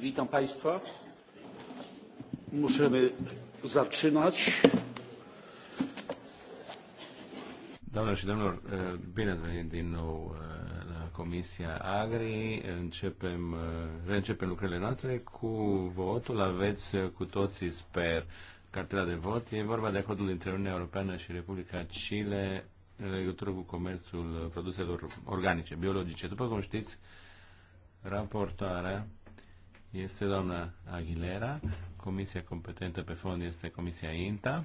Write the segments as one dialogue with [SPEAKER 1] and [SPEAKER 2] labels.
[SPEAKER 1] witam państwa możemy zaczynać Doamnelor și domnilor, bine ați venit din nou la Comisia Agri. Începem, reîncepem lucrările noastre cu votul. Aveți cu toții, sper, cartela de vot. E vorba de acordul dintre Uniunea Europeană și Republica Chile în legătură cu comerțul produselor organice, biologice. După cum știți, raportarea este doamna Aguilera, comisia competentă pe fond este comisia INTA.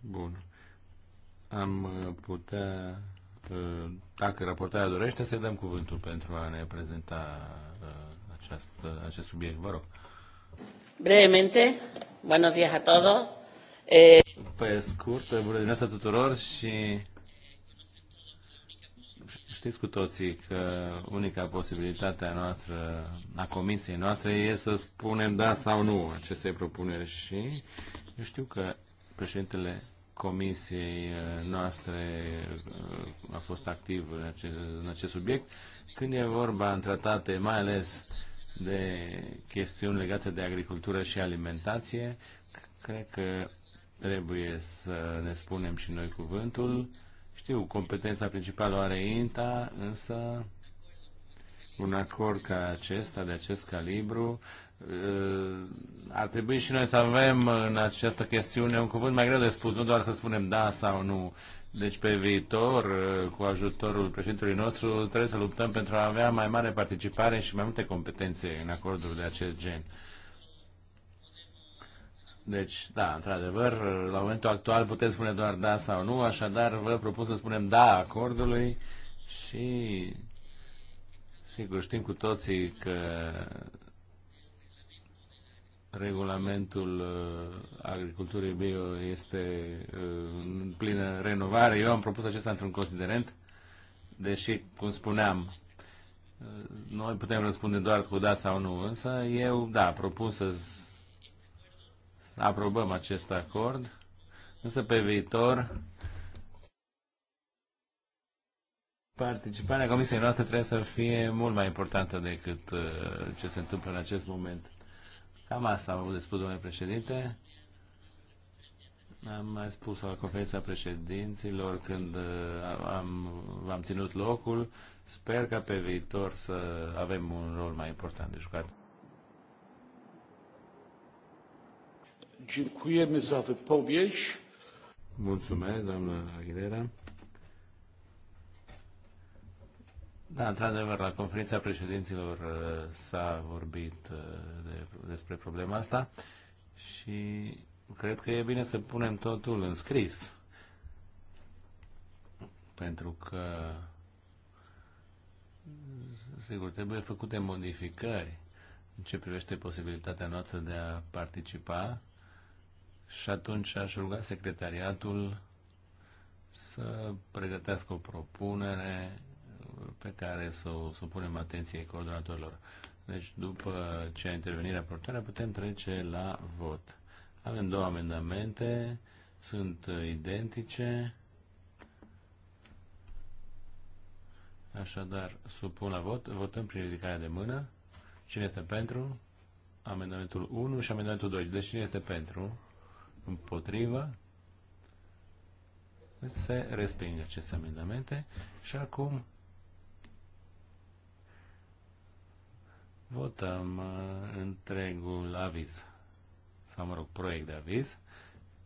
[SPEAKER 1] Bun. Am uh, putea, uh, dacă raportarea dorește, să dăm cuvântul pentru a ne prezenta uh, acest, acest subiect. Vă rog.
[SPEAKER 2] Brevemente, buenos días a todos. Eh,
[SPEAKER 1] pe scurt, bună dimineața tuturor și Știți cu toții că unica posibilitate a noastră, a comisiei noastre, e să spunem da sau nu acestei propuneri și eu știu că președintele comisiei uh, noastre uh, a fost activ în acest, în acest subiect. Când e vorba în tratate, mai ales de chestiuni legate de agricultură și alimentație, cred că trebuie să ne spunem și noi cuvântul știu, competența principală o are INTA, însă un acord ca acesta, de acest calibru, ă, ar trebui și noi să avem în această chestiune un cuvânt mai greu de spus, nu doar să spunem da sau nu. Deci pe viitor, ă, cu ajutorul președintelui nostru, trebuie să luptăm pentru a avea mai mare participare și mai multe competențe în acorduri de acest gen. Deci, da, într-adevăr, la momentul actual puteți spune doar da sau nu, așadar vă propun să spunem da acordului și sigur știm cu toții că regulamentul uh, agriculturii bio este uh, în plină renovare. Eu am propus acesta într-un considerent, deși, cum spuneam, uh, noi putem răspunde doar cu da sau nu, însă eu, da, propun să aprobăm acest acord, însă pe viitor participarea Comisiei noastre trebuie să fie mult mai importantă decât uh, ce se întâmplă în acest moment. Cam asta am avut de spus, domnule președinte. Am mai spus la conferința președinților când uh, am, am ținut locul. Sper ca pe viitor să avem un rol mai important de jucat. Dziękujemy za wypowiedź. Mulțumesc, doamnă Aguilera. Da, într-adevăr, la conferința președinților uh, s-a vorbit uh, de, despre problema asta și cred că e bine să punem totul în scris. Pentru că, sigur, trebuie făcute modificări în ce privește posibilitatea noastră de a participa și atunci aș ruga secretariatul să pregătească o propunere pe care să o supunem atenției coordonatorilor. Deci după ce a intervenit raportarea putem trece la vot. Avem două amendamente, sunt identice. Așadar, supun la vot, votăm prin ridicarea de mână. Cine este pentru? Amendamentul 1 și amendamentul 2. Deci cine este pentru? împotriva, se respinge aceste amendamente și acum votăm uh, întregul aviz sau, mă rog, proiect de aviz.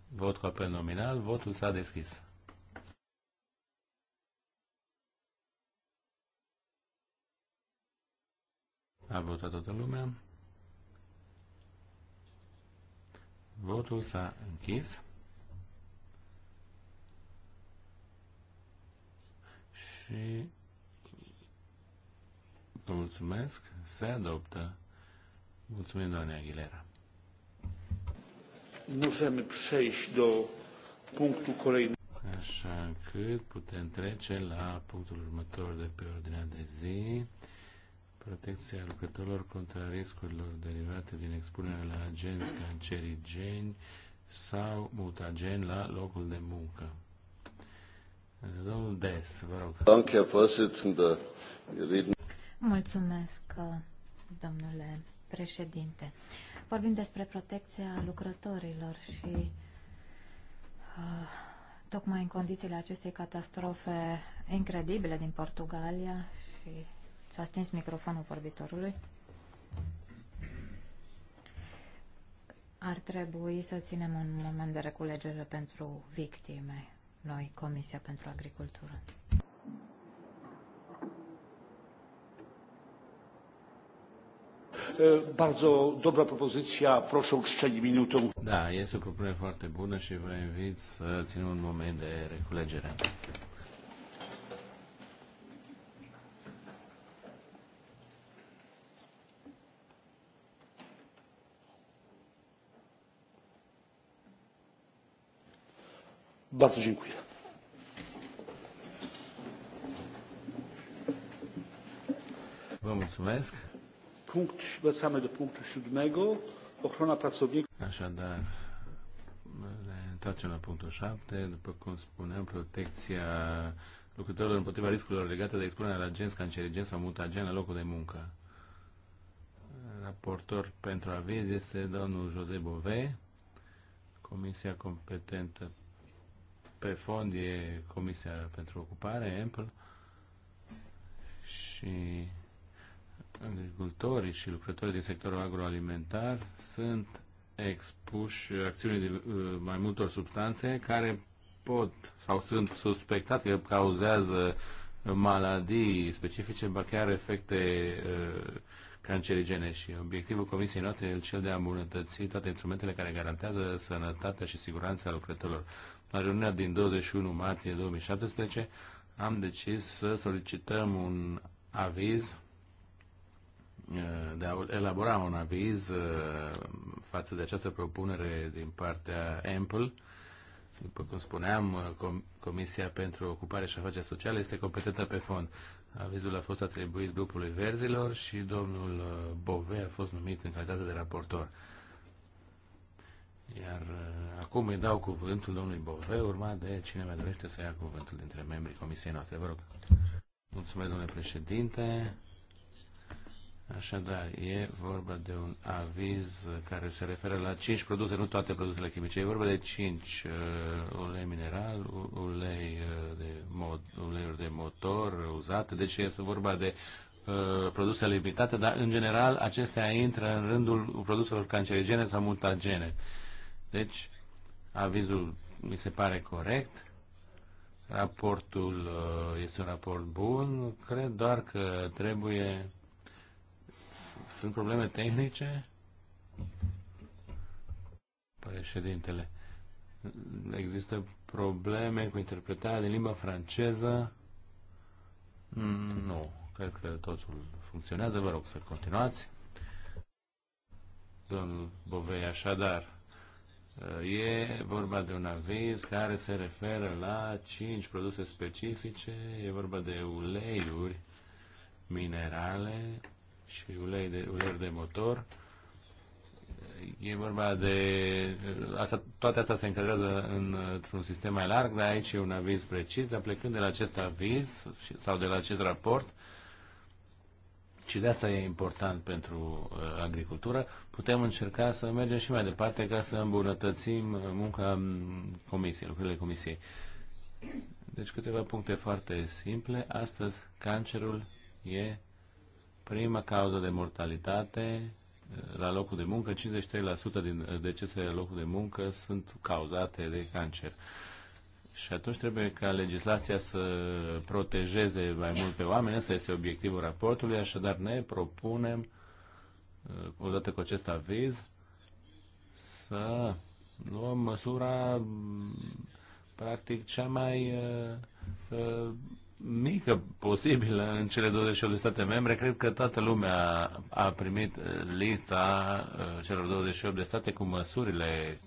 [SPEAKER 1] Vot cu apel nominal, votul s-a deschis. A votat toată lumea. Votul s-a închis. Și vă mulțumesc. Se adoptă. Mulțumim, doamne Aguilera. Możemy przejść do punctul kolejny. Așa încât putem trece la punctul următor de pe ordinea de zi protecția lucrătorilor contra riscurilor derivate din expunerea la agenți cancerigeni sau mutageni la locul de muncă. Domnul Des, vă rog.
[SPEAKER 3] Mulțumesc, domnule președinte. Vorbim despre protecția lucrătorilor și uh, tocmai în condițiile acestei catastrofe incredibile din Portugalia și S-a stins microfonul vorbitorului. Ar trebui să ținem un moment de reculegere pentru victime, noi, Comisia pentru Agricultură.
[SPEAKER 2] Bardzo dobra propozycja,
[SPEAKER 1] proszę da, o uczczenie Da, jest to propunere foarte bună și vă invit să ținem un moment de reculegere.
[SPEAKER 2] Bardzo dziękuję.
[SPEAKER 1] Vă mulțumesc. Punct, wracamy do punctul siódmego. Ochrona pracowników. Așadar, ne întoarcem la punctul 7, după cum spuneam, protecția lucrătorilor împotriva riscurilor legate de expunerea la genți cancerigen sau mutagen la locul de muncă. Raportor pentru aviz este domnul Jose Bove, Comisia competentă pe fond e Comisia pentru Ocupare, EMPL, și agricultorii și lucrătorii din sectorul agroalimentar sunt expuși acțiunii de uh, mai multor substanțe care pot sau sunt suspectate că cauzează maladii specifice, ba chiar efecte uh, cancerigene și obiectivul comisiei noastre e cel de a îmbunătăți toate instrumentele care garantează sănătatea și siguranța lucrătorilor la reuniunea din 21 martie 2017, am decis să solicităm un aviz de a elabora un aviz față de această propunere din partea Ample. După cum spuneam, Comisia pentru Ocupare și Afaceri Sociale este competentă pe fond. Avizul a fost atribuit grupului verzilor și domnul Bove a fost numit în calitate de raportor. Iar uh, acum îi dau cuvântul domnului Bove, urma de cine mai dorește să ia cuvântul dintre membrii comisiei noastre. Vă rog. Mulțumesc, domnule președinte. Așadar, e vorba de un aviz care se referă la 5 produse, nu toate produsele chimice. E vorba de 5 uh, ulei mineral, ulei uh, de mod- uleiuri de motor uzate, deci este vorba de uh, produse limitate, dar în general acestea intră în rândul produselor cancerigene sau mutagene. Uh, deci, avizul mi se pare corect, raportul uh, este un raport bun, cred doar că trebuie... Sunt probleme tehnice? Președintele, există probleme cu interpretarea din limba franceză? Mm, nu, cred că totul funcționează, vă rog să continuați. Domnul Bovei, așadar, E vorba de un aviz care se referă la cinci produse specifice, e vorba de uleiuri minerale și ulei de, uleiuri de motor. E vorba de... Asta, toate astea se încadrează în, într-un sistem mai larg, dar aici e un aviz precis, dar plecând de la acest aviz sau de la acest raport, și de asta e important pentru uh, agricultură, putem încerca să mergem și mai departe ca să îmbunătățim uh, munca um, comisiei, lucrurile comisiei. Deci câteva puncte foarte simple. Astăzi cancerul e prima cauză de mortalitate uh, la locul de muncă. 53% din decesele la locul de muncă sunt cauzate de cancer. Uh, și atunci trebuie ca legislația să protejeze mai mult pe oameni, Asta este obiectivul raportului, așadar ne propunem, uh, odată cu acest aviz, să luăm măsura mm, practic cea mai uh, uh, mică posibilă în cele 28 de state membre. Cred că toată lumea a primit uh, lista celor 28 de state cu măsurile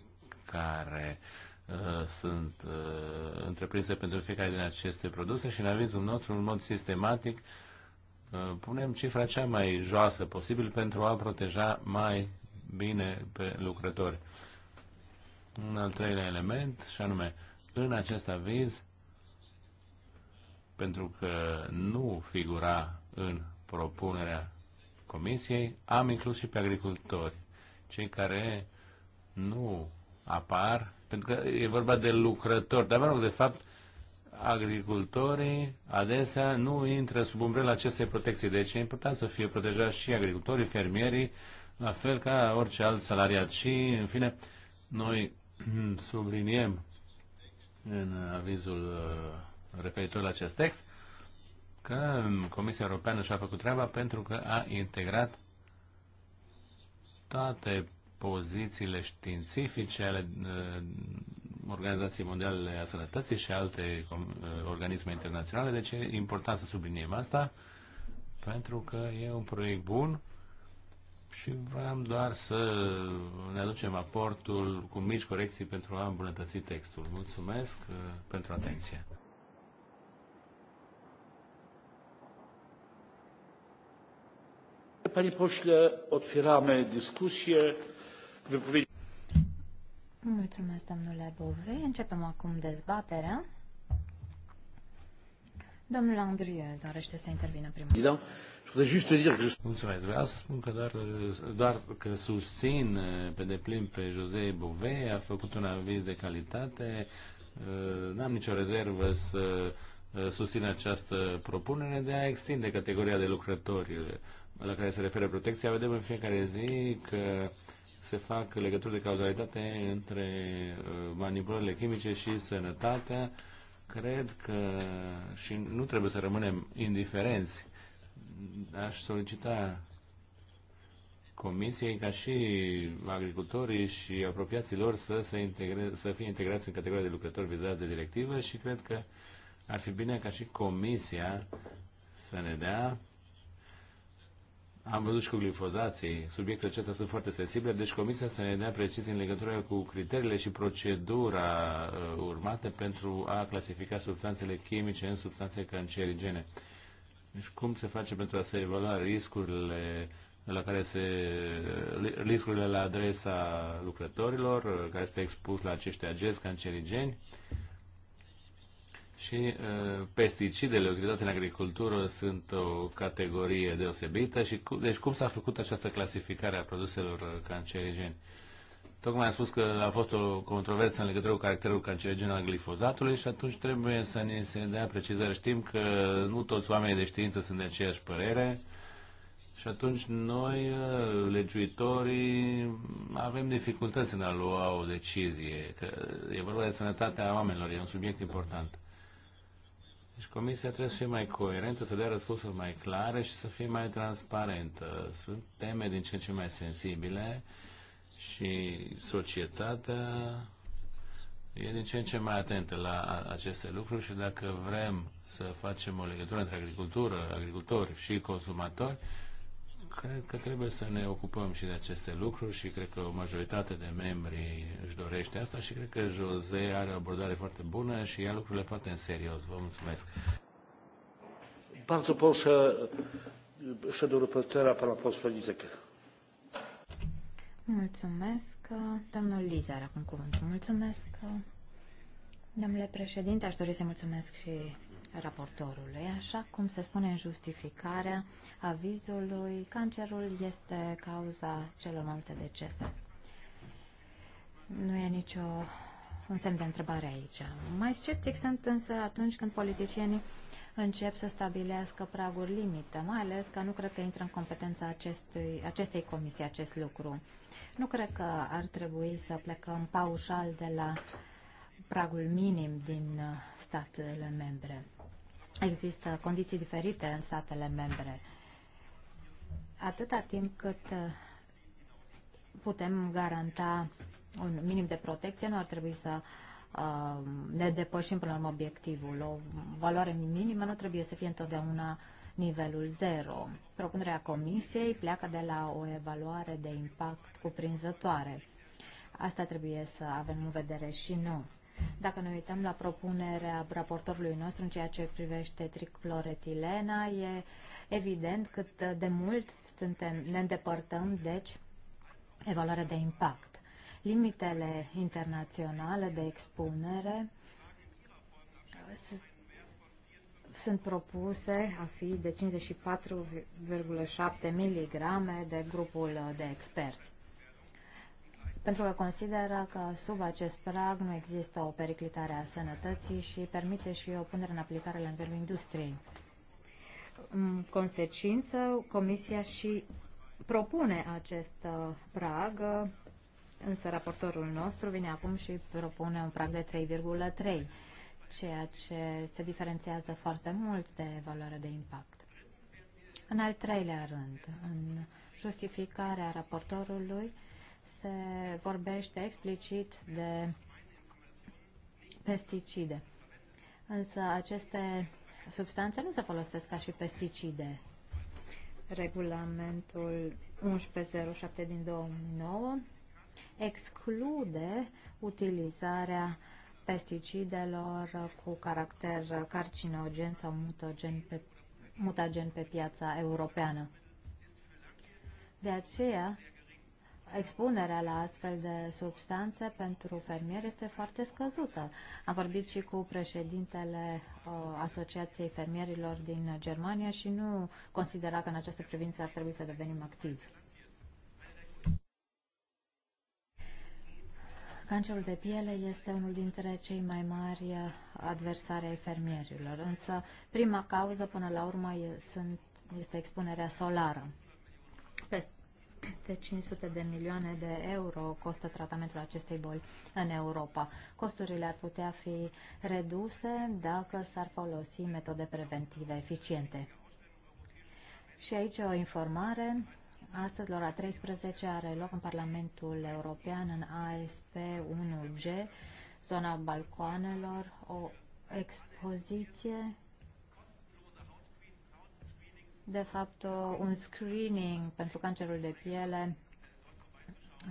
[SPEAKER 1] care uh, Uh, sunt uh, întreprinse pentru fiecare din aceste produse și în avizul nostru, în mod sistematic, uh, punem cifra cea mai joasă posibil pentru a proteja mai bine pe lucrători. Un al treilea element, și anume, în acest aviz, pentru că nu figura în propunerea Comisiei, am inclus și pe agricultori, cei care nu apar pentru că e vorba de lucrători. Dar, mă rog, de fapt, agricultorii adesea nu intră sub umbrela acestei protecții. Deci e important să fie protejați și agricultorii, fermierii, la fel ca orice alt salariat. Și, în fine, noi subliniem în avizul uh, referitor la acest text că Comisia Europeană și-a făcut treaba pentru că a integrat toate pozițiile științifice ale uh, Organizației Mondiale a Sănătății și alte uh, organisme internaționale. Deci e important să subliniem asta pentru că e un proiect bun și vreau doar să ne aducem aportul cu mici corecții pentru a îmbunătăți textul. Mulțumesc uh, pentru atenție. Panie pośle, otwieramy dyskusję.
[SPEAKER 3] Mulțumesc, domnule Bove. Începem acum dezbaterea. Domnul Andrie dorește să intervină primul.
[SPEAKER 1] Mulțumesc. Vreau să spun că doar, doar că susțin pe deplin pe Jose Bove, a făcut un aviz de calitate. Uh, n-am nicio rezervă să uh, susțin această propunere de a extinde categoria de lucrători la care se referă protecția. Vedem în fiecare zi că se fac legături de cauzalitate între uh, manipulările chimice și sănătatea. Cred că și nu trebuie să rămânem indiferenți. Aș solicita Comisiei ca și agricultorii și apropiații lor să, se integre, să fie integrați în categoria de lucrători vizați de directivă și cred că ar fi bine ca și Comisia să ne dea am văzut și cu glifozații. Subiectele acestea sunt foarte sensibile, deci Comisia să ne dea precizii în legătură cu criteriile și procedura uh, urmate pentru a clasifica substanțele chimice în substanțe cancerigene. Deci cum se face pentru a se evalua riscurile la care se riscurile la adresa lucrătorilor uh, care este expus la acești agenți cancerigeni și uh, pesticidele utilizate în agricultură sunt o categorie deosebită. Și cu, deci cum s-a făcut această clasificare a produselor uh, cancerigeni? Tocmai am spus că a fost o controversă în legătură cu caracterul cancerigen al glifozatului și atunci trebuie să ne se dea precizare. Știm că nu toți oamenii de știință sunt de aceeași părere și atunci noi, uh, legiuitorii, avem dificultăți în a lua o decizie. Că e vorba de sănătatea oamenilor, e un subiect important. Deci comisia trebuie să fie mai coerentă, să dea răspunsuri mai clare și să fie mai transparentă. Sunt teme din ce în ce mai sensibile și societatea e din ce în ce mai atentă la aceste lucruri și dacă vrem să facem o legătură între agricultură, agricultori și consumatori, cred că trebuie să ne ocupăm și de aceste lucruri și cred că o majoritate de membri își dorește asta și cred că Jose are o abordare foarte bună și ia lucrurile foarte în serios. Vă mulțumesc. Bardzo proszę
[SPEAKER 2] shadow reportera pana posła Lizeke.
[SPEAKER 3] Mulțumesc, domnul Lizar, acum cuvântul. Mulțumesc, domnule președinte, aș dori să mulțumesc și raportorului. Așa cum se spune în justificarea avizului, cancerul este cauza celor mai multe decese. Nu e nicio un semn de întrebare aici. Mai sceptic sunt însă atunci când politicienii încep să stabilească praguri limită, mai ales că nu cred că intră în competența acestui, acestei comisii acest lucru. Nu cred că ar trebui să plecăm paușal de la pragul minim din uh, statele membre există condiții diferite în statele membre. Atâta timp cât uh, putem garanta un minim de protecție, nu ar trebui să uh, ne depășim până la urmă obiectivul. O valoare minimă nu trebuie să fie întotdeauna nivelul zero. Propunerea comisiei pleacă de la o evaluare de impact cuprinzătoare. Asta trebuie să avem în vedere și noi. Dacă ne uităm la propunerea raportorului nostru în ceea ce privește tricloretilena, e evident cât de mult suntem, ne îndepărtăm, deci, evaluarea de impact. Limitele internaționale de expunere sunt propuse a fi de 54,7 mg de grupul de experți pentru că consideră că sub acest prag nu există o periclitare a sănătății și permite și o punere în aplicare la nivelul industriei. În consecință, Comisia și propune acest uh, prag, însă raportorul nostru vine acum și propune un prag de 3,3, ceea ce se diferențiază foarte mult de valoarea de impact. În al treilea rând, în justificarea raportorului, se vorbește explicit de pesticide. Însă aceste substanțe nu se folosesc ca și pesticide. Regulamentul 1107 din 2009 exclude utilizarea pesticidelor cu caracter carcinogen sau mutagen pe, mutagen pe piața europeană. De aceea, expunerea la astfel de substanțe pentru fermieri este foarte scăzută. Am vorbit și cu președintele uh, Asociației Fermierilor din Germania și nu considera că în această privință ar trebui să devenim activi. Cancerul de piele este unul dintre cei mai mari uh, adversari ai fermierilor, însă prima cauză până la urmă este expunerea solară. Peste 500 de milioane de euro costă tratamentul acestei boli în Europa. Costurile ar putea fi reduse dacă s-ar folosi metode preventive eficiente. Și aici o informare. Astăzi, la ora 13, are loc în Parlamentul European, în ASP 1G, zona balcoanelor, o expoziție de fapt uh, un screening pentru cancerul de piele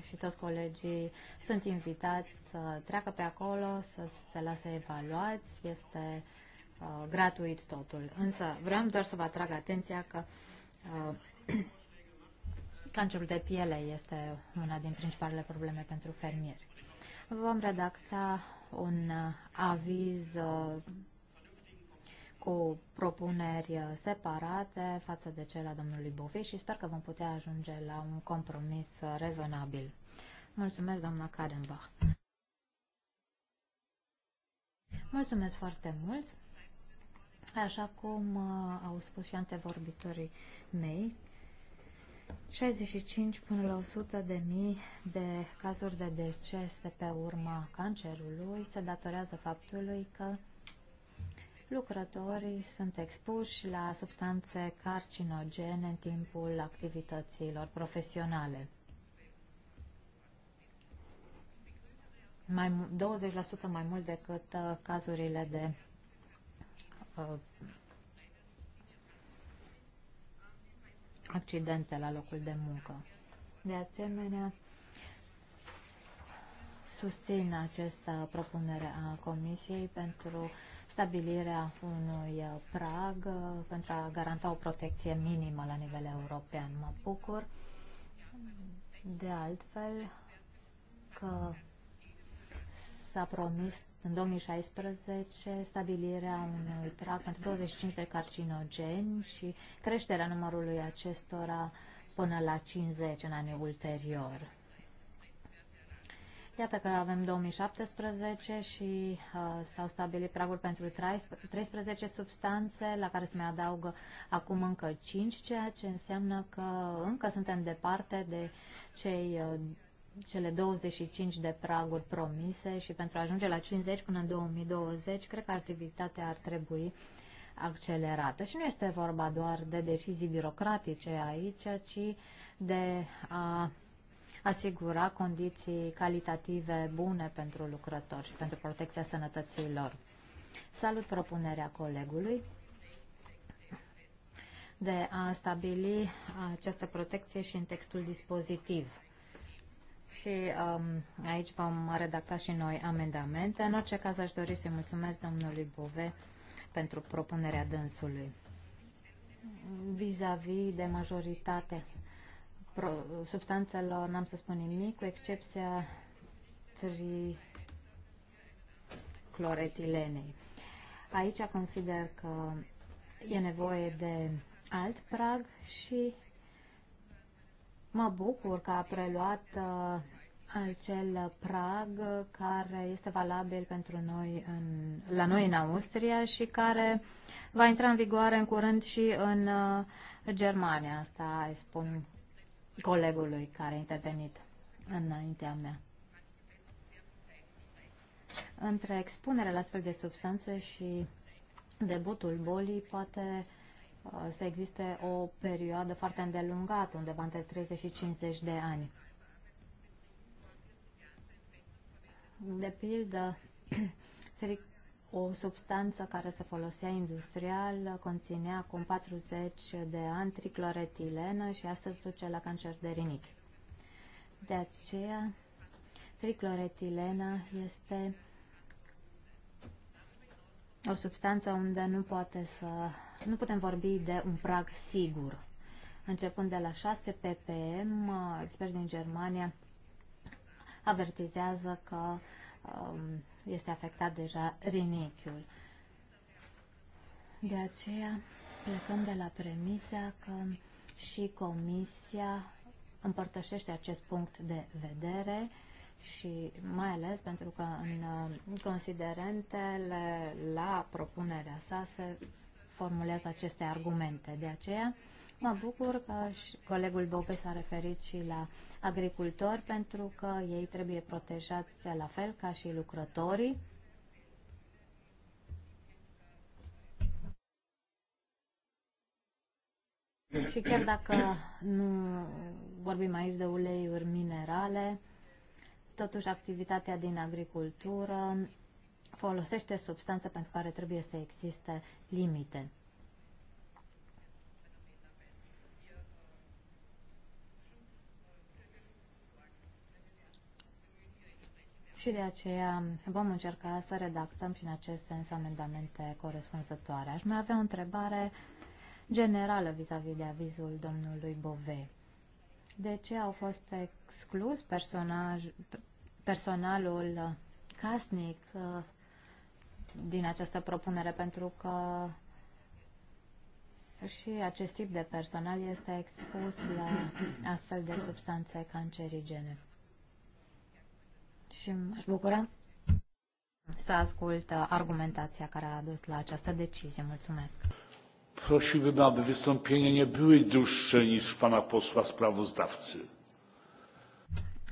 [SPEAKER 3] și toți colegii sunt invitați să treacă pe acolo, să se lase evaluați, este uh, gratuit totul. Însă vreau doar să vă atrag atenția că uh, cancerul de piele este una din principalele probleme pentru fermieri. Vom redacta un uh, aviz uh, cu propuneri separate față de cele a domnului Bovi și sper că vom putea ajunge la un compromis rezonabil. Mulțumesc, doamna Kadenbach. Mulțumesc foarte mult. Așa cum uh, au spus și antevorbitorii mei, 65 până la 100 de mii de cazuri de decese pe urma cancerului se datorează faptului că lucrătorii sunt expuși la substanțe carcinogene în timpul activităților profesionale. Mai 20% mai mult decât uh, cazurile de uh, accidente la locul de muncă. De asemenea, susțin această propunere a Comisiei pentru stabilirea unui uh, prag uh, pentru a garanta o protecție minimă la nivel european. Mă bucur de altfel că s-a promis în 2016 stabilirea unui prag pentru 25 de carcinogeni și creșterea numărului acestora până la 50 în anii ulterior. Iată că avem 2017 și uh, s-au stabilit praguri pentru 13 substanțe, la care se mai adaugă acum încă 5, ceea ce înseamnă că încă suntem departe de cei uh, cele 25 de praguri promise și pentru a ajunge la 50 până în 2020, cred că activitatea ar trebui accelerată. Și nu este vorba doar de decizii birocratice aici, ci de a asigura condiții calitative bune pentru lucrători și pentru protecția sănătății lor. Salut propunerea colegului de a stabili această protecție și în textul dispozitiv. Și um, aici vom redacta și noi amendamente. În orice caz aș dori să-i mulțumesc domnului Bove pentru propunerea dânsului vis-a-vis -vis de majoritate substanțelor n-am să spun nimic, cu excepția tricloretilenei. Aici consider că e nevoie de alt prag și mă bucur că a preluat uh, acel prag care este valabil pentru noi în, la noi în Austria și care va intra în vigoare în curând și în uh, Germania. Asta îi spun colegului care a intervenit înaintea mea. Între expunerea la astfel de substanțe și debutul bolii poate uh, să existe o perioadă foarte îndelungată, undeva între 30 și 50 de ani. De pildă, o substanță care se folosea industrial conținea acum 40 de ani tricloretilenă și astăzi duce la cancer de rinichi. De aceea, tricloretilena este o substanță unde nu, poate să, nu putem vorbi de un prag sigur. Începând de la 6 ppm, experți din Germania avertizează că uh, Um, este afectat deja rinichiul. De aceea plecăm de la premisa că și Comisia împărtășește acest punct de vedere și mai ales pentru că în uh, considerentele la propunerea sa se formulează aceste argumente. De aceea Mă bucur că și colegul Bope s-a referit și la agricultori, pentru că ei trebuie protejați la fel ca și lucrătorii. Și chiar dacă nu vorbim aici de uleiuri minerale, totuși activitatea din agricultură folosește substanțe pentru care trebuie să existe limite. și de aceea vom încerca să redactăm și în acest sens amendamente corespunzătoare. Aș mai avea o întrebare generală vis-a-vis -vis de avizul domnului Bove. De ce au fost exclus personaj, personalul casnic uh, din această propunere? Pentru că și acest tip de personal este expus la astfel de substanțe cancerigene și m-aș bucura să ascult argumentația care a dus la această decizie. Mulțumesc.
[SPEAKER 1] Prosiłbym, aby wystąpienia nie były dłuższe niż pana posła sprawozdawcy.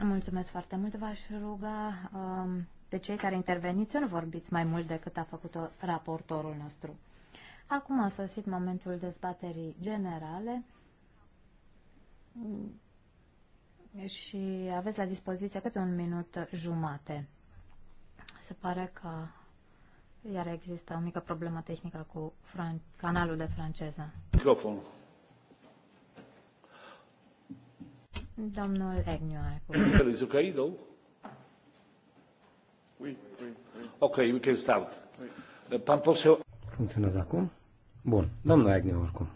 [SPEAKER 3] Mulțumesc foarte mult. V-aș ruga um, pe cei care interveniți să nu vorbiți mai mult decât a făcut raportorul nostru. Acum a sosit momentul dezbaterii generale și aveți la dispoziție câte un minut jumate. Se pare că iar există o mică problemă tehnică cu fran- canalul de franceză. Microfon. Domnul Egniu are
[SPEAKER 1] cuvântul. okay, though? Oui, oui, oui. Ok, we can start.
[SPEAKER 2] Oui. Funcționează acum? Bun. Domnul Egniu, oricum.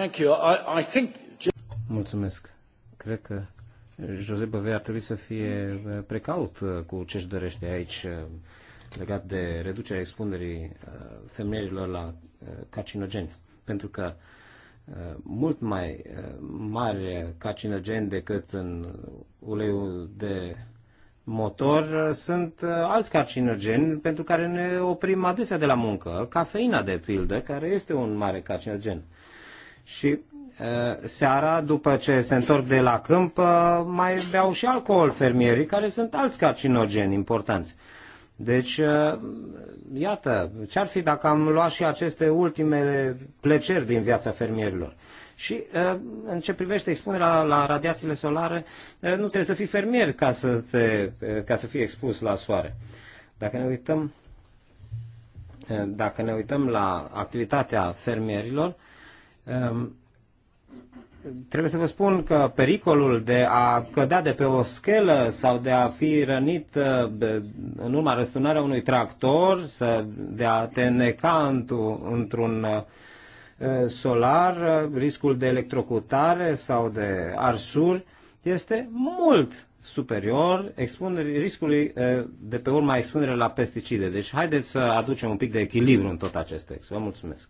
[SPEAKER 1] Thank you. I, I think...
[SPEAKER 2] Mulțumesc. Cred că Jose Băvei ar trebui să fie uh, precaut uh, cu ce-și dorește aici uh, legat de reducerea expunerii femeilor la carcinogeni. Pentru că mult mai mari carcinogen decât în uleiul de motor sunt alți carcinogeni pentru care ne oprim adesea de la muncă. Cafeina, de pildă, care este un mare carcinogen. Și seara, după ce se întorc de la câmp, mai beau și alcool fermierii, care sunt alți carcinogeni importanți. Deci, iată, ce-ar fi dacă am luat și aceste ultimele plăceri din viața fermierilor? Și în ce privește expunerea la radiațiile solare, nu trebuie să fii fermier ca să, te, ca să fii expus la soare. Dacă ne uităm, dacă ne uităm la activitatea fermierilor, Ehm, trebuie să vă spun că pericolul de a cădea de pe o schelă sau de a fi rănit eh, în urma răsturnarea unui tractor, de a te neca într-un eh, solar, eh, riscul de electrocutare sau de arsuri este mult superior expunerii, riscului de pe urma expunerii la pesticide. Deci haideți să aducem un pic de echilibru în tot acest text. Vă mulțumesc.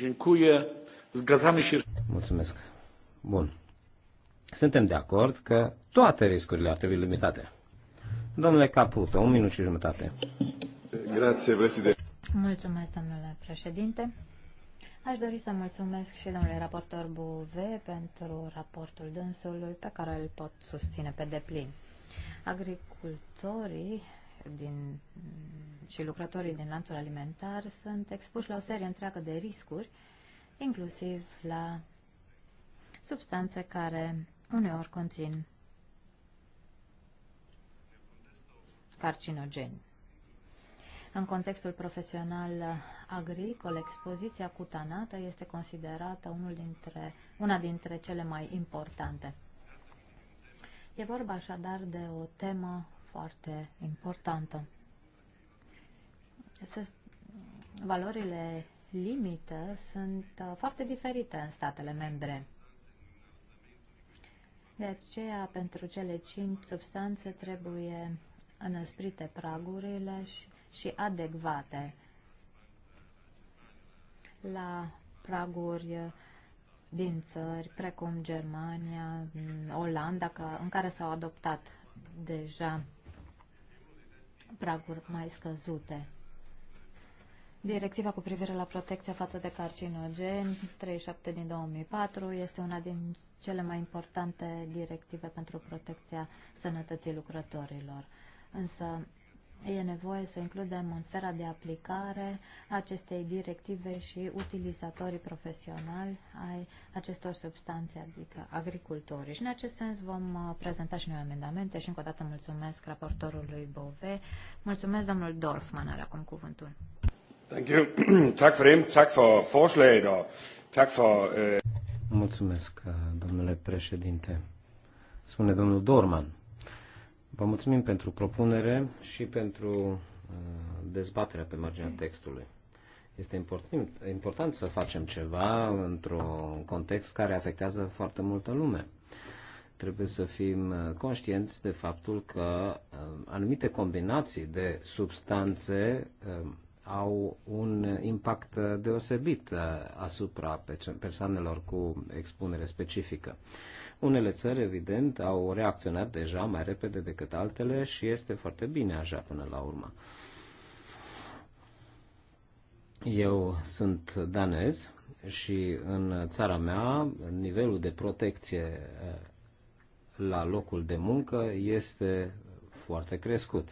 [SPEAKER 2] Dziękuję. Zgadzamy się. Mulțumesc. Bun. Suntem de acord că toate riscurile ar trebui limitate. Domnule Caputo, un minut și jumătate. Grazie, președinte.
[SPEAKER 3] Mulțumesc, domnule președinte. Aș dori să mulțumesc și domnului raportor Buve pentru raportul dânsului pe care îl pot susține pe deplin. Agricultorii din, și lucrătorii din lanțul alimentar sunt expuși la o serie întreagă de riscuri, inclusiv la substanțe care uneori conțin carcinogeni. În contextul profesional agricol, expoziția cutanată este considerată unul dintre, una dintre cele mai importante. E vorba așadar de o temă foarte importantă. Valorile limite sunt uh, foarte diferite în statele membre. De aceea, pentru cele cinci substanțe trebuie înăsprite pragurile și, și adecvate la praguri uh, din țări precum Germania, mm, Olanda, ca, în care s-au adoptat deja praguri mai scăzute. Directiva cu privire la protecția față de carcinogeni 37 din 2004 este una din cele mai importante directive pentru protecția sănătății lucrătorilor. Însă e nevoie să includem în sfera de aplicare acestei directive și utilizatorii profesionali ai acestor substanțe, adică agricultorii. Și în acest sens vom uh, prezenta și noi amendamente și încă o dată mulțumesc raportorului Bove. Mulțumesc, domnul Dorfman, are acum cuvântul.
[SPEAKER 1] Thank you. tak for him. Tak for forslaget tak for... Øh, uh...
[SPEAKER 2] Mulțumesc, domnule președinte. Spune domnul Dorman. Vă mulțumim pentru propunere și pentru uh, dezbaterea pe marginea textului. Este important, important să facem ceva într-un context care afectează foarte multă lume. Trebuie să fim uh, conștienți de faptul că uh, anumite combinații de substanțe au un impact deosebit asupra persoanelor cu expunere specifică. Unele țări, evident, au reacționat deja mai repede decât altele și este foarte bine așa până la urmă. Eu sunt danez și în țara mea nivelul de protecție eh, la locul de muncă este foarte crescut.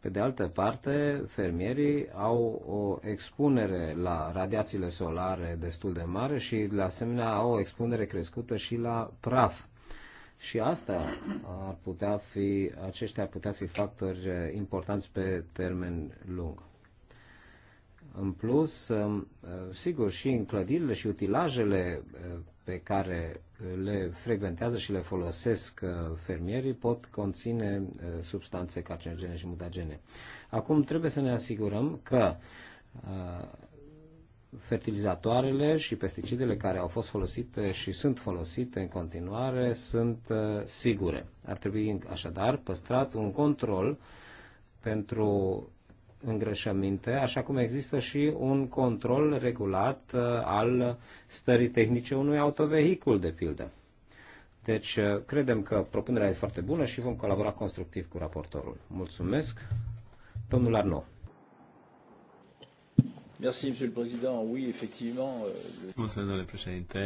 [SPEAKER 2] Pe de altă parte, fermierii au o expunere la radiațiile solare destul de mare și, de asemenea, au o expunere crescută și la praf. Și asta ar putea fi, aceștia ar putea fi factori eh, importanți pe termen lung. În plus, eh, sigur, și în clădirile și utilajele eh, pe care uh, le frecventează și le folosesc uh, fermierii pot conține uh, substanțe carcinogene și mutagene. Acum trebuie să ne asigurăm că fertilizatoarele și pesticidele care au fost folosite și sunt folosite în continuare sunt sigure. Ar trebui așadar păstrat un control pentru îngrășăminte, așa cum există și un control regulat uh, al stării tehnice unui autovehicul, de pildă. Deci, uh, credem că propunerea e foarte bună și vom colabora constructiv cu raportorul. Mulțumesc. Domnul Arno.
[SPEAKER 1] Merci, Monsieur le Président. Oui, effectivement. Euh,
[SPEAKER 2] Mulțumesc, domnule președinte.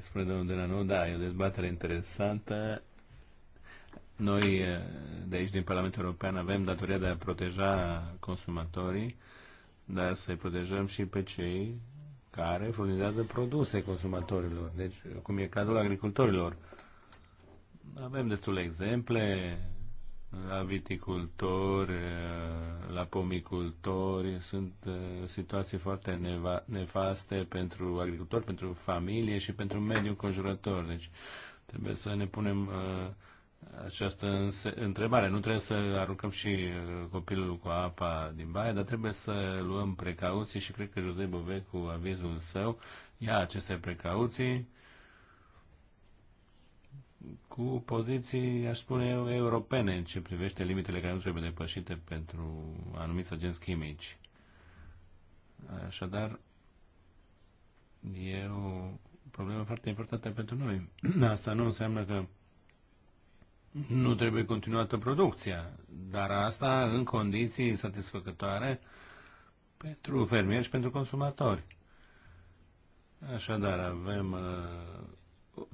[SPEAKER 1] Spune domnul Delano, da, e o dezbatere interesantă. Noi eh, de aici, din Parlamentul European, avem datoria de a proteja consumatorii, dar să-i protejăm și pe cei care furnizează produse consumatorilor, deci cum e cazul agricultorilor. Avem destule exemple la eh, viticultori, eh, la pomicultori, sunt situații foarte nefaste pentru agricultori, pentru familie și pentru mediul conjurător. Deci trebuie să ne punem uh, această întrebare. Nu trebuie să aruncăm și uh, copilul cu apa din baie, dar trebuie să luăm precauții și cred că José Bove cu avizul său ia aceste precauții cu poziții, aș spune eu, europene în ce privește limitele care nu trebuie depășite pentru anumiți agenți chimici. Așadar, e o problemă foarte importantă pentru noi. Asta nu înseamnă că nu trebuie continuată producția, dar asta în condiții satisfăcătoare pentru fermieri și pentru consumatori. Așadar, avem uh,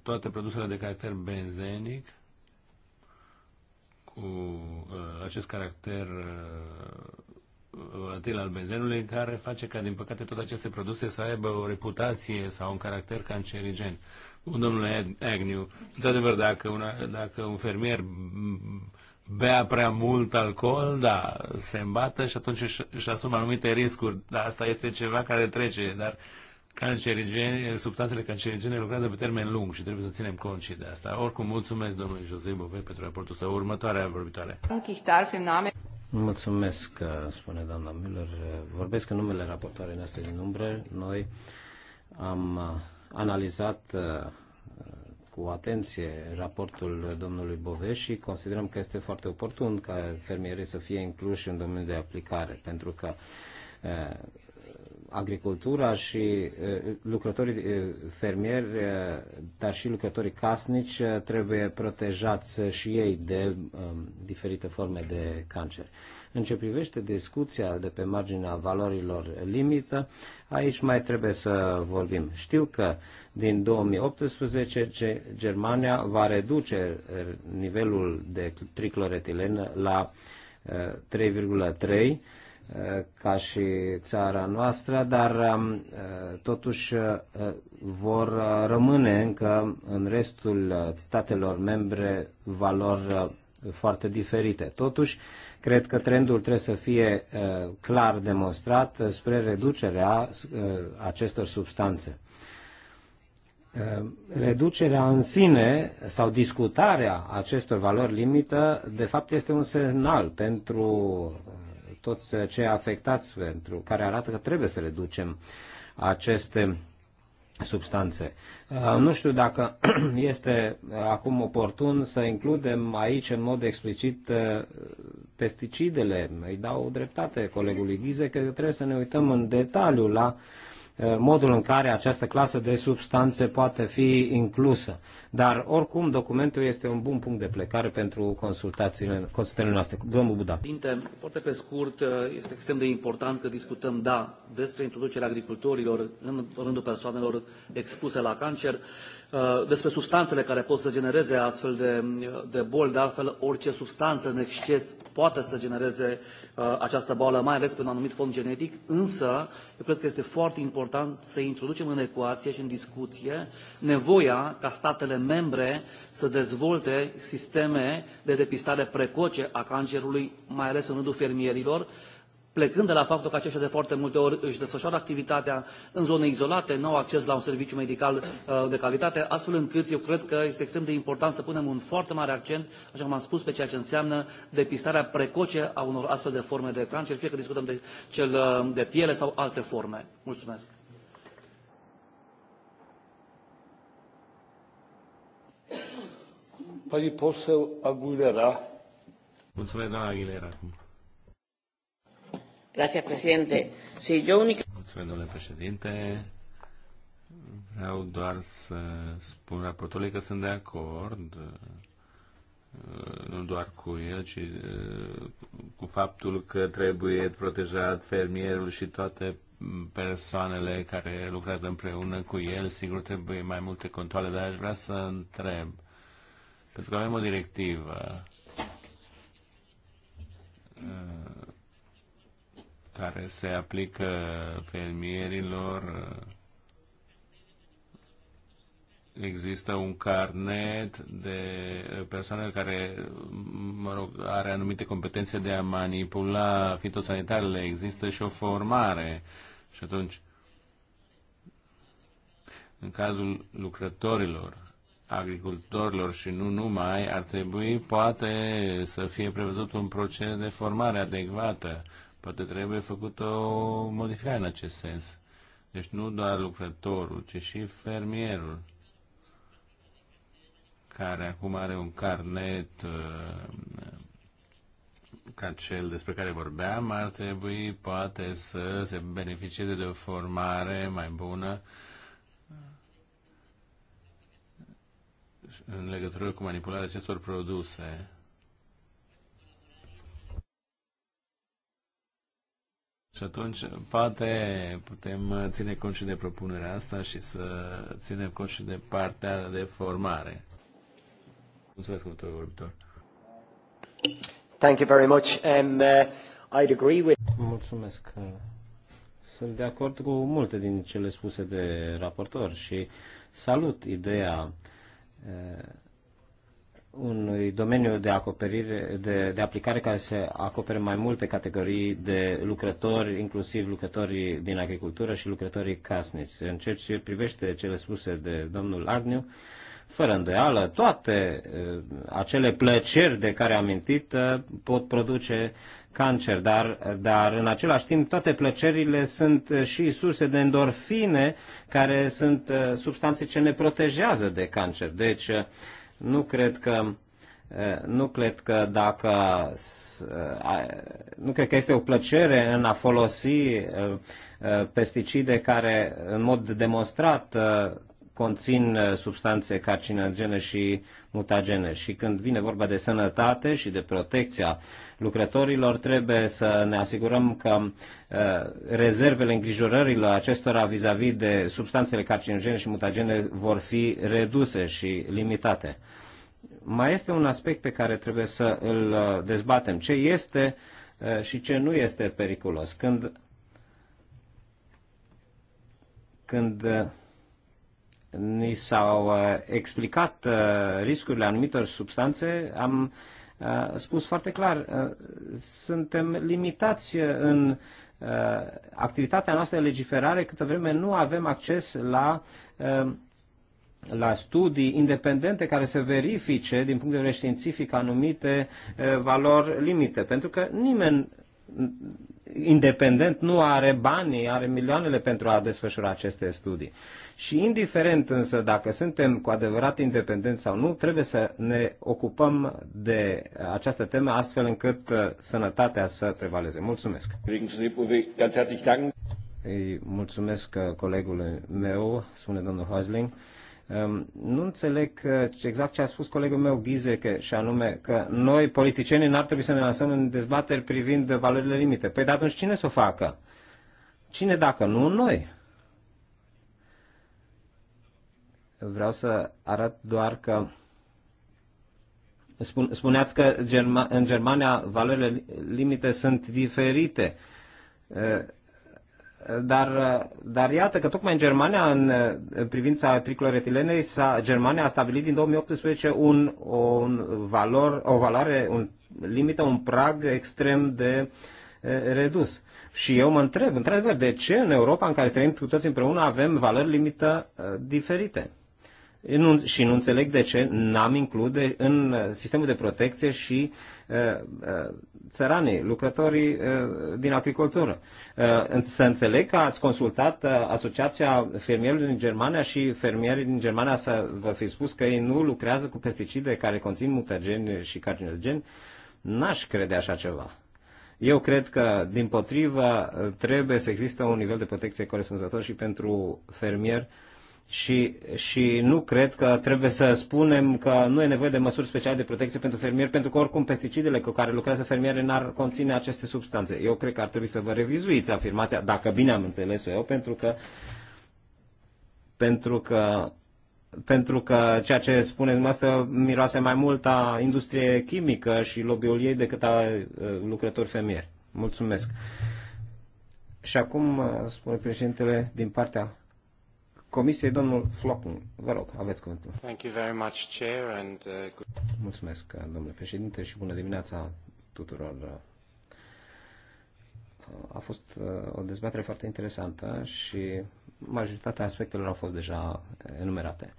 [SPEAKER 1] toate produsele de caracter benzenic cu uh, acest caracter uh, atil al benzenului care face ca, din păcate, toate aceste produse să aibă o reputație sau un caracter cancerigen. Uh, cu domnul Agnew. Într-adevăr, dacă, una, dacă un fermier bea prea mult alcool, da, se îmbată și atunci își, își asumă anumite riscuri. Dar asta este ceva care trece, dar cancerigene, substanțele cancerigene lucrează pe termen lung și trebuie să ținem cont și de asta. Oricum, mulțumesc domnului José Bove pentru raportul său. Următoarea
[SPEAKER 2] vorbitoare. Mulțumesc, uh, spune doamna Müller. Vorbesc în numele raportoarei noastre din umbră. Noi am uh, analizat uh, cu atenție raportul domnului Bove și considerăm că este foarte oportun ca fermierii să fie incluși în domeniul de aplicare, pentru că uh, agricultura și uh, lucrătorii uh, fermieri, uh, dar și lucrătorii casnici trebuie protejați și ei de um, diferite forme de cancer. În ce privește discuția de pe marginea valorilor limită, aici mai trebuie să vorbim. Știu că din 2018 Germania va reduce nivelul de tricloretilen la 3,3 ca și țara noastră, dar um, totuși uh, vor uh, rămâne încă în restul uh, statelor membre valori foarte diferite. Totuși, cred că trendul trebuie să fie clar demonstrat spre reducerea acestor substanțe. Reducerea în sine sau discutarea acestor valori limită, de fapt, este un semnal pentru toți cei afectați, pentru care arată că trebuie să reducem aceste substanțe. Uh, nu știu dacă este uh, acum oportun să includem aici în mod explicit uh, pesticidele. Îi dau dreptate colegului Ghize că trebuie să ne uităm în detaliu la uh, Eh, modul în care această clasă de substanțe poate fi inclusă. Dar, oricum, documentul este un bun punct de plecare pentru consultațiile, consultațiile noastre. Domnul Buda.
[SPEAKER 1] Dinte, foarte pe scurt, eh, este extrem de important că discutăm, da, despre introducerea agricultorilor în rândul persoanelor expuse la cancer Uh, despre substanțele care pot să genereze astfel de, uh, de boli. De altfel, orice substanță în exces poate să genereze uh, această boală, mai ales pe un anumit fond genetic, însă eu cred că este foarte important să introducem în ecuație și în discuție nevoia ca statele membre să dezvolte sisteme de depistare precoce a cancerului, mai ales în rândul fermierilor, plecând de la faptul că aceștia de foarte multe ori își desfășoară activitatea în zone izolate, nu au acces la un serviciu medical uh, de calitate, astfel încât eu cred că este extrem de important să punem un foarte mare accent, așa cum am spus, pe ceea ce înseamnă depistarea precoce a unor astfel de forme de cancer, fie că discutăm de cel uh, de piele sau alte forme. Mulțumesc! Pani poseł Aguilera. Mulțumesc, doamna Aguilera.
[SPEAKER 2] Gracias, presidente. yo Mulțumesc,
[SPEAKER 1] domnule președinte. Vreau doar să spun raportului că sunt de acord nu doar cu el, ci cu faptul că trebuie protejat fermierul și toate persoanele care lucrează împreună cu el. Sigur, trebuie mai multe controle, dar aș vrea să întreb. Pentru că avem o directivă care se aplică fermierilor. Există un carnet de persoane care, mă rog, are anumite competențe de a manipula fitosanitarele. Există și o formare. Și atunci, în cazul lucrătorilor, agricultorilor și nu numai, ar trebui poate să fie prevăzut un proces de formare adecvată Poate trebuie făcută o modificare în acest sens. Deci nu doar lucrătorul, ci și fermierul care acum are un carnet uh, ca cel despre care vorbeam, ar trebui poate să se beneficieze de o formare mai bună uh, în legătură cu manipularea acestor produse. Și atunci poate putem ține cont și de propunerea asta și să ținem cont și de partea de formare. Mulțumesc, următorul vorbitor.
[SPEAKER 2] Thank you very much. Um, uh, I'd agree with... Mulțumesc. Sunt de acord cu multe din cele spuse de raportor și salut ideea uh, unui domeniu de acoperire, de, de aplicare care se acopere mai multe categorii de lucrători, inclusiv lucrătorii din agricultură și lucrătorii casnici. În ceea ce privește cele spuse de domnul Agniu, fără îndoială, toate uh, acele plăceri de care am mintit uh, eh, pot produce cancer, dar, dar în același timp toate plăcerile sunt eh, și surse de endorfine care sunt uh, substanțe ce ne protejează de cancer. Deci, uh, nu cred că nu cred că dacă nu cred că este o plăcere în a folosi pesticide care în mod demonstrat conțin uh, substanțe carcinogene și mutagene. Și când vine vorba de sănătate și de protecția lucrătorilor, trebuie să ne asigurăm că uh, rezervele îngrijorărilor acestora vis-a-vis -vis de substanțele carcinogene și mutagene vor fi reduse și limitate. Mai este un aspect pe care trebuie să îl uh, dezbatem. Ce este și ce nu este periculos? Când, când ni s-au uh, explicat uh, riscurile anumitor substanțe, am uh, spus foarte clar, suntem limitați în activitatea noastră de legiferare câtă vreme nu avem acces la la studii independente care să verifice din punct de vedere științific anumite valori limite, pentru că nimeni independent nu are banii, are milioanele pentru a desfășura aceste studii. Și indiferent însă dacă suntem cu adevărat independenți sau nu, trebuie să ne ocupăm de această temă astfel încât uh, sănătatea să prevaleze. Mulțumesc! Îi mulțumesc uh, colegului meu, spune domnul Hosling. Ehm, nu înțeleg uh, exact ce a spus colegul meu Ghize, că, și anume că noi, politicienii, n-ar trebui să ne lansăm în dezbateri privind valorile limite. Păi dar atunci cine să o facă? Cine dacă nu? Noi. Vreau să arăt doar că spuneați că în Germania valorile limite sunt diferite. Ehm, dar, dar iată că tocmai în Germania, în privința tricloretilenei, s-a, Germania a stabilit din 2018 un, un valor, o valoare, un limită, un prag extrem de e, redus. Și eu mă întreb, într-adevăr, de ce în Europa în care trăim cu toți împreună avem valori limită e, diferite? și nu înțeleg de ce n-am include în uh, sistemul de protecție și uh, uh, țăranii, lucrătorii din agricultură. Să înțeleg că ați consultat Asociația Fermierilor din Germania și fermierii din Germania să vă fi spus că ei nu lucrează cu pesticide care conțin mutageni și carcinogeni. N-aș crede așa ceva. Eu cred că, din potrivă, trebuie să existe un nivel de protecție corespunzător și pentru fermier uh, și, și nu cred că trebuie să spunem că nu e nevoie de măsuri speciale de protecție pentru fermieri, pentru că oricum pesticidele cu care lucrează fermierii n-ar conține aceste substanțe. Eu cred că ar trebui să vă revizuiți afirmația, dacă bine am înțeles-o eu, pentru că, pentru că pentru că ceea ce spuneți asta miroase mai mult a industrie chimică și lobby-ul ei decât a uh, lucrători fermieri. Mulțumesc. Și acum, uh, spune președintele, din partea Comisiei, domnul Flocun. Vă rog, aveți cuvântul.
[SPEAKER 3] Thank you very much, Chair, and, uh,
[SPEAKER 2] Mulțumesc, uh, domnule președinte, și bună dimineața tuturor. Uh, a fost uh, o dezbatere foarte interesantă și majoritatea aspectelor au fost deja enumerate.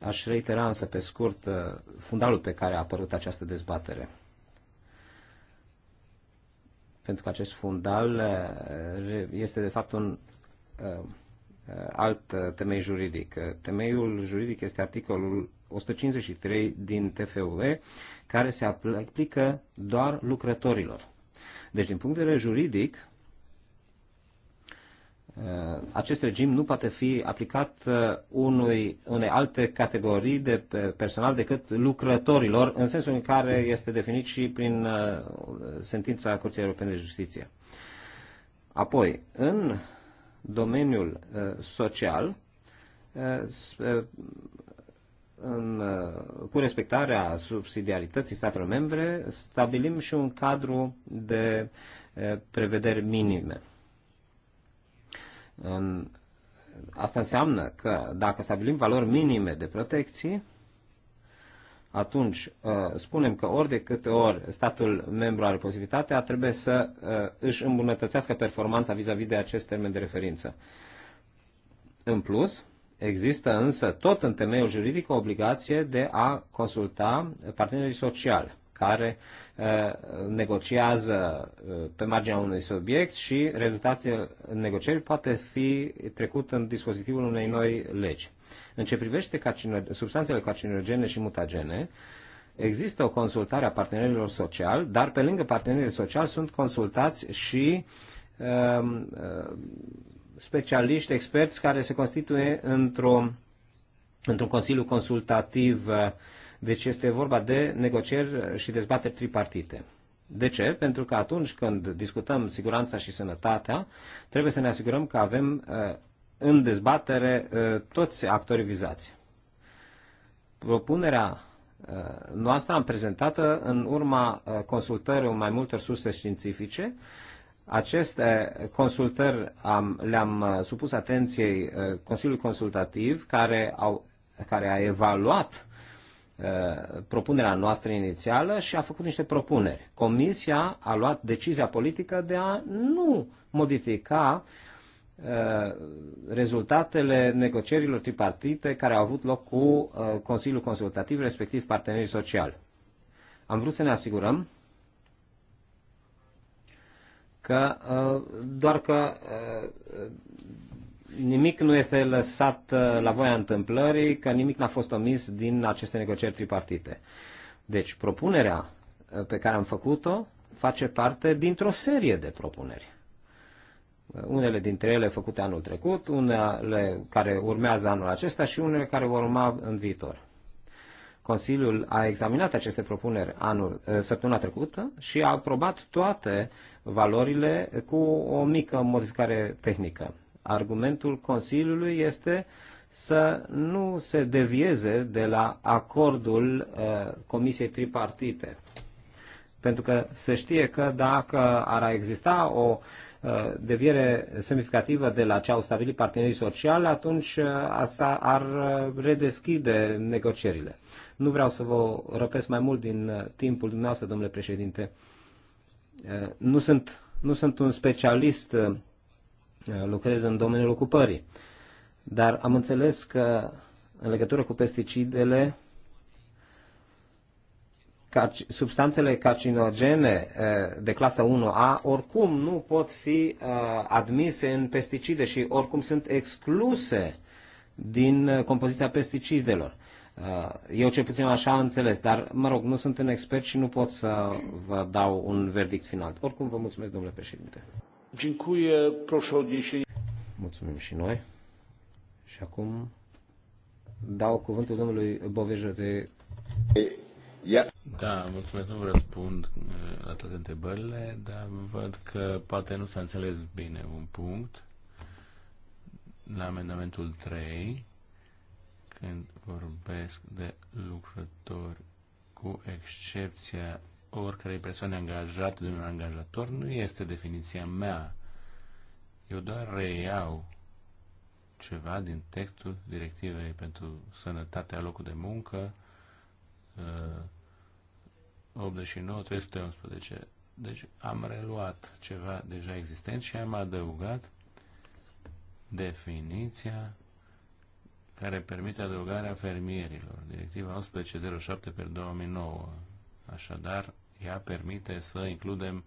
[SPEAKER 2] Aș reitera însă pe scurt fundalul pe care a apărut această dezbatere pentru că acest fundal este de fapt un Uh, alt uh, temei juridic. Uh, temeiul juridic este articolul 153 din TFUE, care se aplică doar lucrătorilor. Deci, din punct de vedere juridic, acest regim nu poate fi aplicat unui, unei alte categorii de personal decât lucrătorilor, în sensul în care este definit și prin sentința Curții Europene de Justiție. Apoi, în domeniul uh, social uh, uh, în, cu respectarea subsidiarității statelor membre, stabilim și un cadru de prevederi minime. Um, asta înseamnă că dacă stabilim valori minime de protecție, atunci uh, spunem că ori de câte ori statul membru are posibilitatea, trebuie să uh, își îmbunătățească performanța vis-a-vis -vis de acest termen de referință. În plus, există însă tot în temeiul juridic o obligație de a consulta partenerii sociali care uh, negociază pe marginea unui subiect și rezultatul negocierii poate fi trecut în dispozitivul unei noi legi. În ce privește carcino- substanțele carcinogene și mutagene, există o consultare a partenerilor sociali, dar pe lângă partenerii sociali sunt consultați și um, uh, specialiști, experți care se constituie într-o, într-un consiliu consultativ. Deci este vorba de negocieri și dezbateri tripartite. De ce? Pentru că atunci când discutăm siguranța și sănătatea, trebuie să ne asigurăm că avem uh, în dezbatere uh, toți actorii vizați. Propunerea uh, noastră am prezentată în urma uh, consultării mai multor surse științifice. Aceste consultări am, le-am supus atenției Consiliului Consultativ, care, au, care a evaluat propunerea noastră inițială și a făcut niște propuneri. Comisia a luat decizia politică de a nu modifica uh, Uh, rezultatele negocierilor tripartite care au avut loc cu uh, Consiliul Consultativ, respectiv partenerii sociali. Am vrut să ne asigurăm că uh, doar că nimic nu este lăsat la voia întâmplării, că nimic n-a fost omis din aceste negocieri tripartite. Deci, propunerea pe care am făcut-o face parte dintr-o serie de propuneri unele dintre ele făcute anul trecut, unele care urmează anul acesta și unele care vor urma în viitor. Consiliul a examinat aceste propuneri anul, eh, săptămâna trecută și a aprobat toate valorile cu o mică modificare tehnică. Argumentul Consiliului este să nu se devieze de la acordul uh, Comisiei Tripartite. Pentru că se știe că dacă ar exista o uh, Uh, deviere semnificativă de la ce au stabilit partenerii sociali, atunci uh, asta ar uh, redeschide negocierile. Nu vreau să vă răpesc mai mult din timpul dumneavoastră, domnule președinte. Nu sunt, nu sunt un specialist, lucrez în domeniul ocupării, dar am înțeles că în legătură cu pesticidele, substanțele carcinogene eh, de clasă 1A oricum nu pot fi eh, admise în pesticide și oricum sunt excluse din eh, compoziția pesticidelor. Eu cel puțin așa am înțeles, dar mă rog, nu sunt un expert și nu pot să vă dau un verdict final. Oricum vă mulțumesc, domnule președinte.
[SPEAKER 1] Dziękuję, proszę o
[SPEAKER 2] Mulțumim și noi. Și acum dau cuvântul domnului Bovejo de
[SPEAKER 1] Yeah. Da, mulțumesc, nu vă răspund uh, la toate întrebările, dar văd că poate nu s-a înțeles bine un punct la amendamentul 3 când vorbesc de lucrători cu excepția oricărei persoane angajate de un angajator nu este definiția mea. Eu doar reiau ceva din textul directivei pentru sănătatea locului de muncă 89, uh, 311. Deci am reluat ceva deja existent și am adăugat definiția care permite adăugarea fermierilor. Directiva 1107 pe 2009. Așadar, ea permite să includem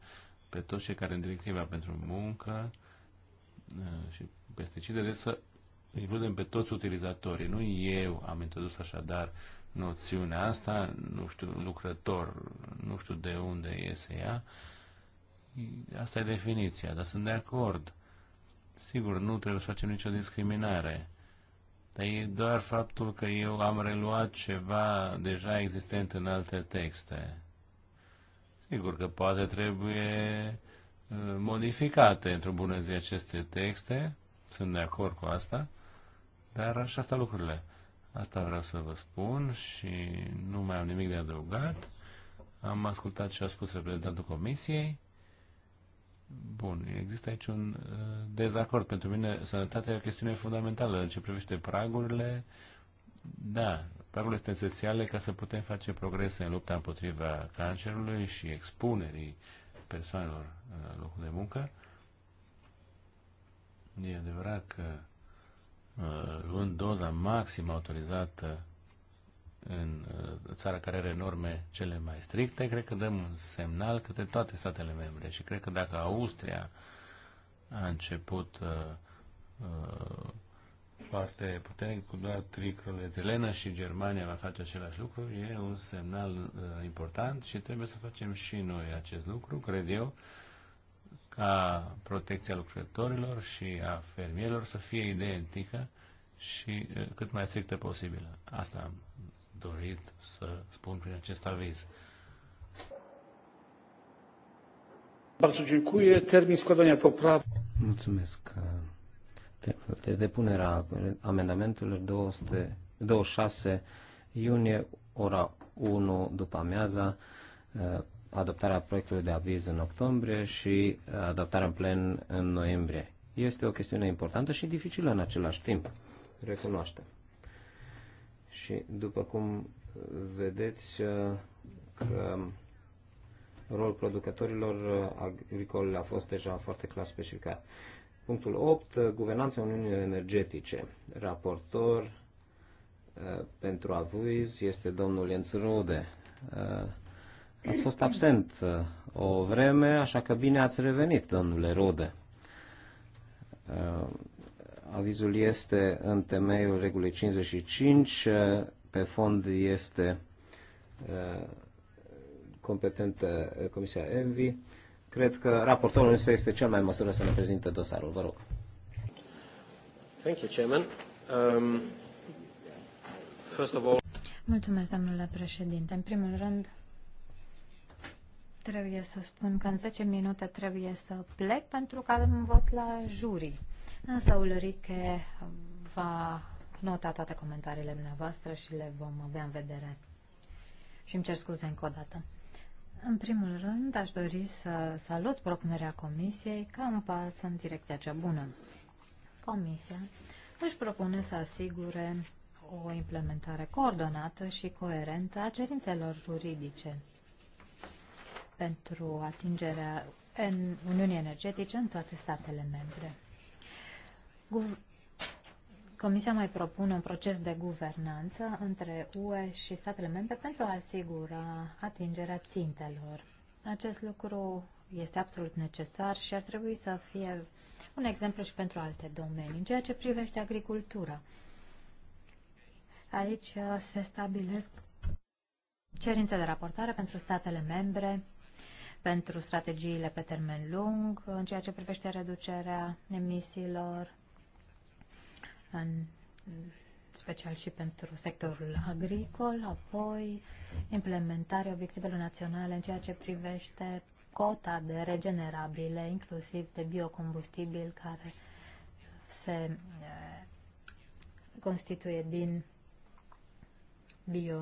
[SPEAKER 1] pe toți cei care în directiva pentru muncă uh, și pesticide, deci să includem pe toți utilizatorii. Nu eu am introdus așadar uh, noțiunea asta, nu știu, lucrător, nu știu de unde iese ea, asta e definiția, dar sunt de acord. Sigur, nu trebuie să facem nicio discriminare, dar e doar faptul că eu am reluat ceva deja existent în alte texte. Sigur că poate trebuie uh, modificate într-o bună zi aceste texte, sunt de acord cu asta, dar așa stau lucrurile. Asta vreau să vă spun și nu mai am nimic de adăugat. Am ascultat ce a spus reprezentantul Comisiei. Bun, există aici un uh, dezacord. Pentru mine sănătatea e o chestiune fundamentală. În ce privește pragurile, da, pragurile sunt esențiale ca să putem face progrese în lupta împotriva cancerului și expunerii persoanelor la uh, locul de muncă. E adevărat că luând uh, doza maximă autorizată în uh, țara care are norme cele mai stricte, cred că dăm un semnal către toate statele membre și cred că dacă Austria a început uh, uh foarte puternic cu doar tricroletelenă și Germania va face același lucru, e un semnal uh, important și trebuie să facem și noi acest lucru, cred eu, uh, ca protecția lucrătorilor și a fermierilor să fie identică și cât mai strictă posibilă. Asta am dorit să spun prin acest aviz.
[SPEAKER 2] Bardzo dziękuję. Termin składania popraw. Mulțumesc. De depunerea amendamentelor 200, 26 iunie, ora 1 după amiaza, adoptarea proiectului de aviz în octombrie și adoptarea în plen în noiembrie. Este o chestiune importantă și dificilă în același timp, recunoaște. Și după cum vedeți că rolul producătorilor agricole a fost deja foarte clar specificat. Punctul 8. Guvernanța Uniunii Energetice. Raportor eh, pentru aviz este domnul Jens Rode eh, Ați fost absent uh, o vreme, așa că bine ați revenit, domnule Rode. Uh, avizul este în temeiul regulii 55, uh, pe fond este competentă Comisia ENVI. Cred că raportorul însă este cel mai măsură să ne prezinte dosarul. Vă rog. Thank you, Chairman. Um, first of all...
[SPEAKER 3] Mulțumesc, domnule președinte. În primul rând, Trebuie să spun că în 10 minute trebuie să plec pentru că avem vot la juri. Însă Ulrike va nota toate comentariile dumneavoastră și le vom avea în vedere. Și îmi cer scuze încă o dată. În primul rând, aș dori să salut propunerea Comisiei ca un pas în direcția cea bună. Comisia își propune să asigure o implementare coordonată și coerentă a cerințelor juridice pentru atingerea în Uniunii Energetice în toate statele membre. Guv Comisia mai propune un proces de guvernanță între UE și statele membre pentru a asigura atingerea țintelor. Acest lucru este absolut necesar și ar trebui să fie un exemplu și pentru alte domenii. În ceea ce privește agricultura, aici se stabilesc cerințe de raportare pentru statele membre pentru strategiile pe termen lung, în ceea ce privește reducerea emisiilor, în special și pentru sectorul agricol, apoi implementarea obiectivelor naționale în ceea ce privește cota de regenerabile, inclusiv de biocombustibil care se eh, constituie din bio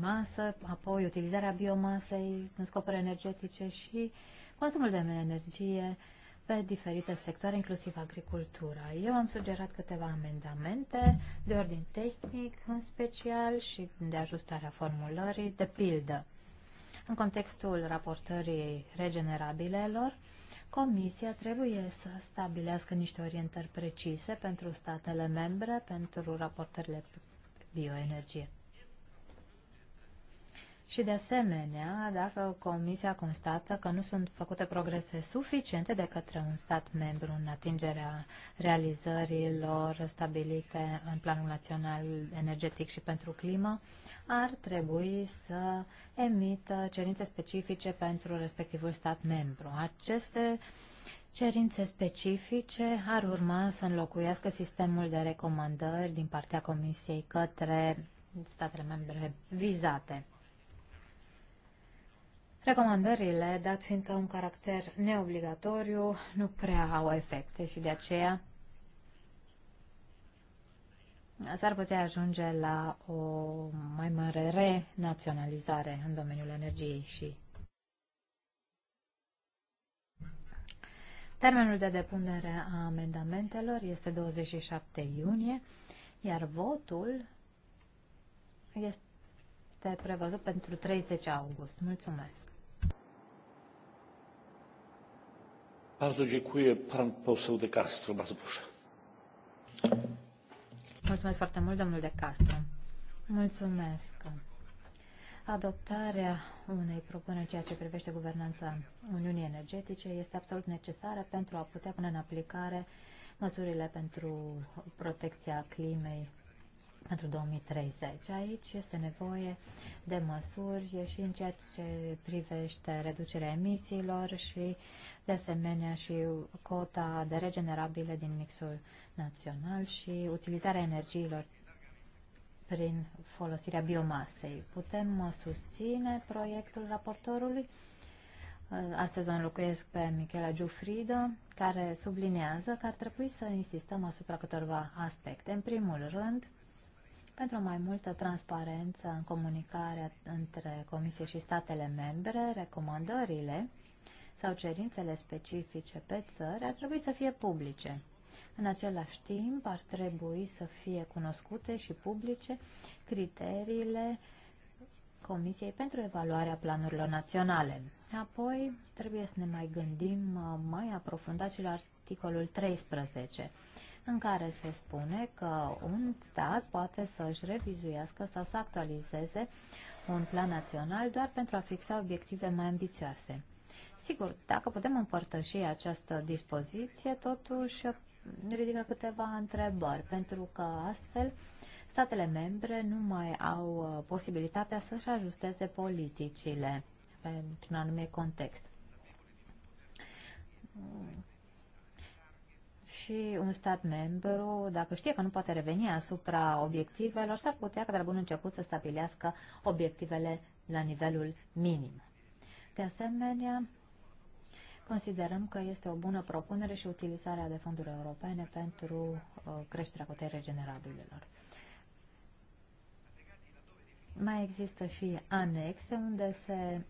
[SPEAKER 3] masă, apoi utilizarea biomasei în scopuri energetice și consumul de energie pe diferite sectoare, inclusiv agricultura. Eu am sugerat câteva amendamente de ordin tehnic în special și de ajustarea formulării, de pildă. În contextul raportării regenerabilelor, Comisia trebuie să stabilească niște orientări precise pentru statele membre pentru raportările bioenergie. Și de asemenea, dacă Comisia constată că nu sunt făcute progrese suficiente de către un stat membru în atingerea realizărilor stabilite în Planul Național Energetic și pentru Climă, ar trebui să emită cerințe specifice pentru respectivul stat membru. Aceste Cerințe specifice ar urma să înlocuiască sistemul de recomandări din partea Comisiei către statele membre vizate. Recomandările, dat fiindcă un caracter neobligatoriu, nu prea au efecte și de aceea s-ar putea ajunge la o mai mare renaționalizare în domeniul energiei și Termenul de depunere a amendamentelor este 27 iunie, iar votul este prevăzut pentru 30 august. Mulțumesc!
[SPEAKER 1] Bardzo dziękuję. Pan poseł de Castro,
[SPEAKER 3] bardzo Mulțumesc foarte mult, domnul de Castro. Mulțumesc. Adoptarea unei propuneri ceea ce privește guvernanța Uniunii Energetice este absolut necesară pentru a putea pune în aplicare măsurile pentru protecția climei pentru 2030. Aici este nevoie de măsuri și în ceea ce privește reducerea emisiilor și, de asemenea, și cota de regenerabile din mixul național și utilizarea energiilor prin folosirea biomasei. Putem uh, susține proiectul raportorului? Uh, astăzi o înlocuiesc pe Michela Giufrida, care subliniază că ar trebui să insistăm asupra câtorva aspecte. În primul rând, pentru mai multă transparență în comunicarea între Comisie și statele membre, recomandările sau cerințele specifice pe țări ar trebui să fie publice. În același timp, ar trebui să fie cunoscute și publice criteriile Comisiei pentru evaluarea planurilor naționale. Apoi, trebuie să ne mai gândim uh, mai aprofundat și la articolul 13 în care se spune că un stat poate să-și revizuiască sau să actualizeze un plan național doar pentru a fixa obiective mai ambițioase. Sigur, dacă putem împărtăși această dispoziție, totuși ridică câteva întrebări, pentru că astfel statele membre nu mai au uh, posibilitatea să-și ajusteze politicile într-un anume context și un stat membru, dacă știe că nu poate reveni asupra obiectivelor, s-ar putea că de la bun început să stabilească obiectivele la nivelul minim. De asemenea, considerăm că este o bună propunere și utilizarea de fonduri europene pentru uh, creșterea cotei regenerabilelor. Mai există și anexe unde se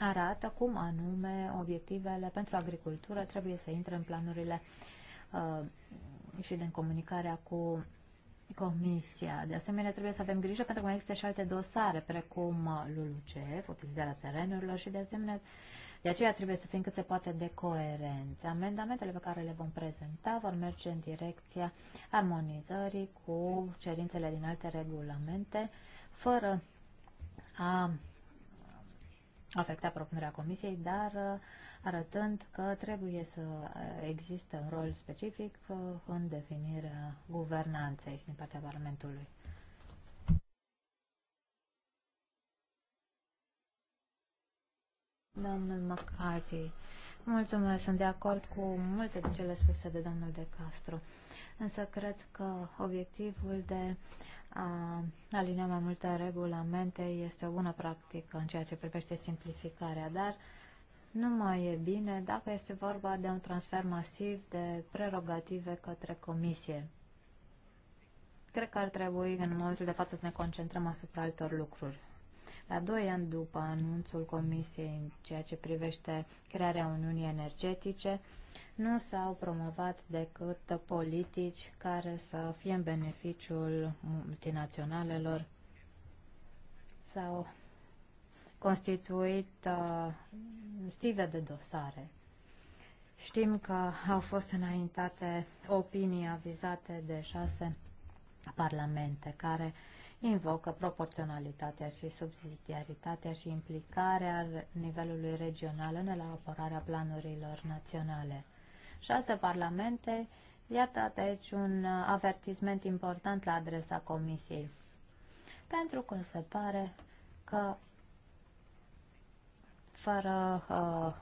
[SPEAKER 3] arată cum anume obiectivele pentru agricultură trebuie să intre în planurile uh, și din comunicarea cu Comisia. De asemenea, trebuie să avem grijă pentru că mai există și alte dosare, precum uh, Lulucef, utilizarea terenurilor și, de asemenea, de aceea trebuie să fim cât se poate de coerenți. Amendamentele pe care le vom prezenta vor merge în direcția armonizării cu cerințele din alte regulamente, fără a afecta propunerea comisiei, dar uh, arătând că trebuie să existe un rol specific uh, în definirea guvernanței din partea Parlamentului. Domnul McCarthy, mulțumesc, sunt de acord cu multe din cele spuse de domnul De Castro, însă cred că obiectivul de uh, a alinea mai multe regulamente este o bună practică în ceea ce privește simplificarea, dar nu mai e bine dacă este vorba de un transfer masiv de prerogative către comisie. Cred că ar trebui în momentul de față să ne concentrăm asupra altor lucruri. La doi ani după anunțul Comisiei în ceea ce privește crearea Uniunii Energetice, nu s-au promovat decât politici care să fie în beneficiul multinaționalelor. S-au constituit uh, stive de dosare. Știm că au fost înaintate opinii avizate de șase parlamente care invocă proporționalitatea și subsidiaritatea și implicarea nivelului regional în elaborarea planurilor naționale șase parlamente. Iată aici deci, un avertisment important la adresa Comisiei. Pentru că se pare că fără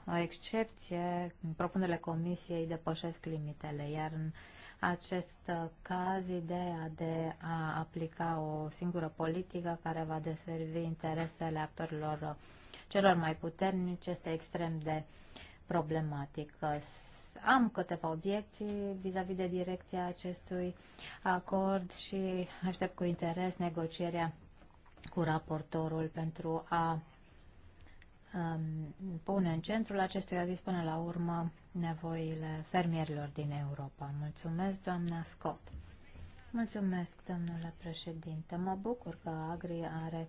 [SPEAKER 3] uh, excepție, propunerile Comisiei depășesc limitele, iar în acest uh, caz, ideea de a aplica o singură politică care va deservi interesele actorilor uh, celor mai puternici este extrem de problematic. Am câteva obiecții vis-a-vis de direcția acestui acord și aștept cu interes negocierea cu raportorul pentru a um, pune în centrul acestui aviz până la urmă nevoile fermierilor din Europa. Mulțumesc, doamna Scott. Mulțumesc, domnule președinte. Mă bucur că Agri are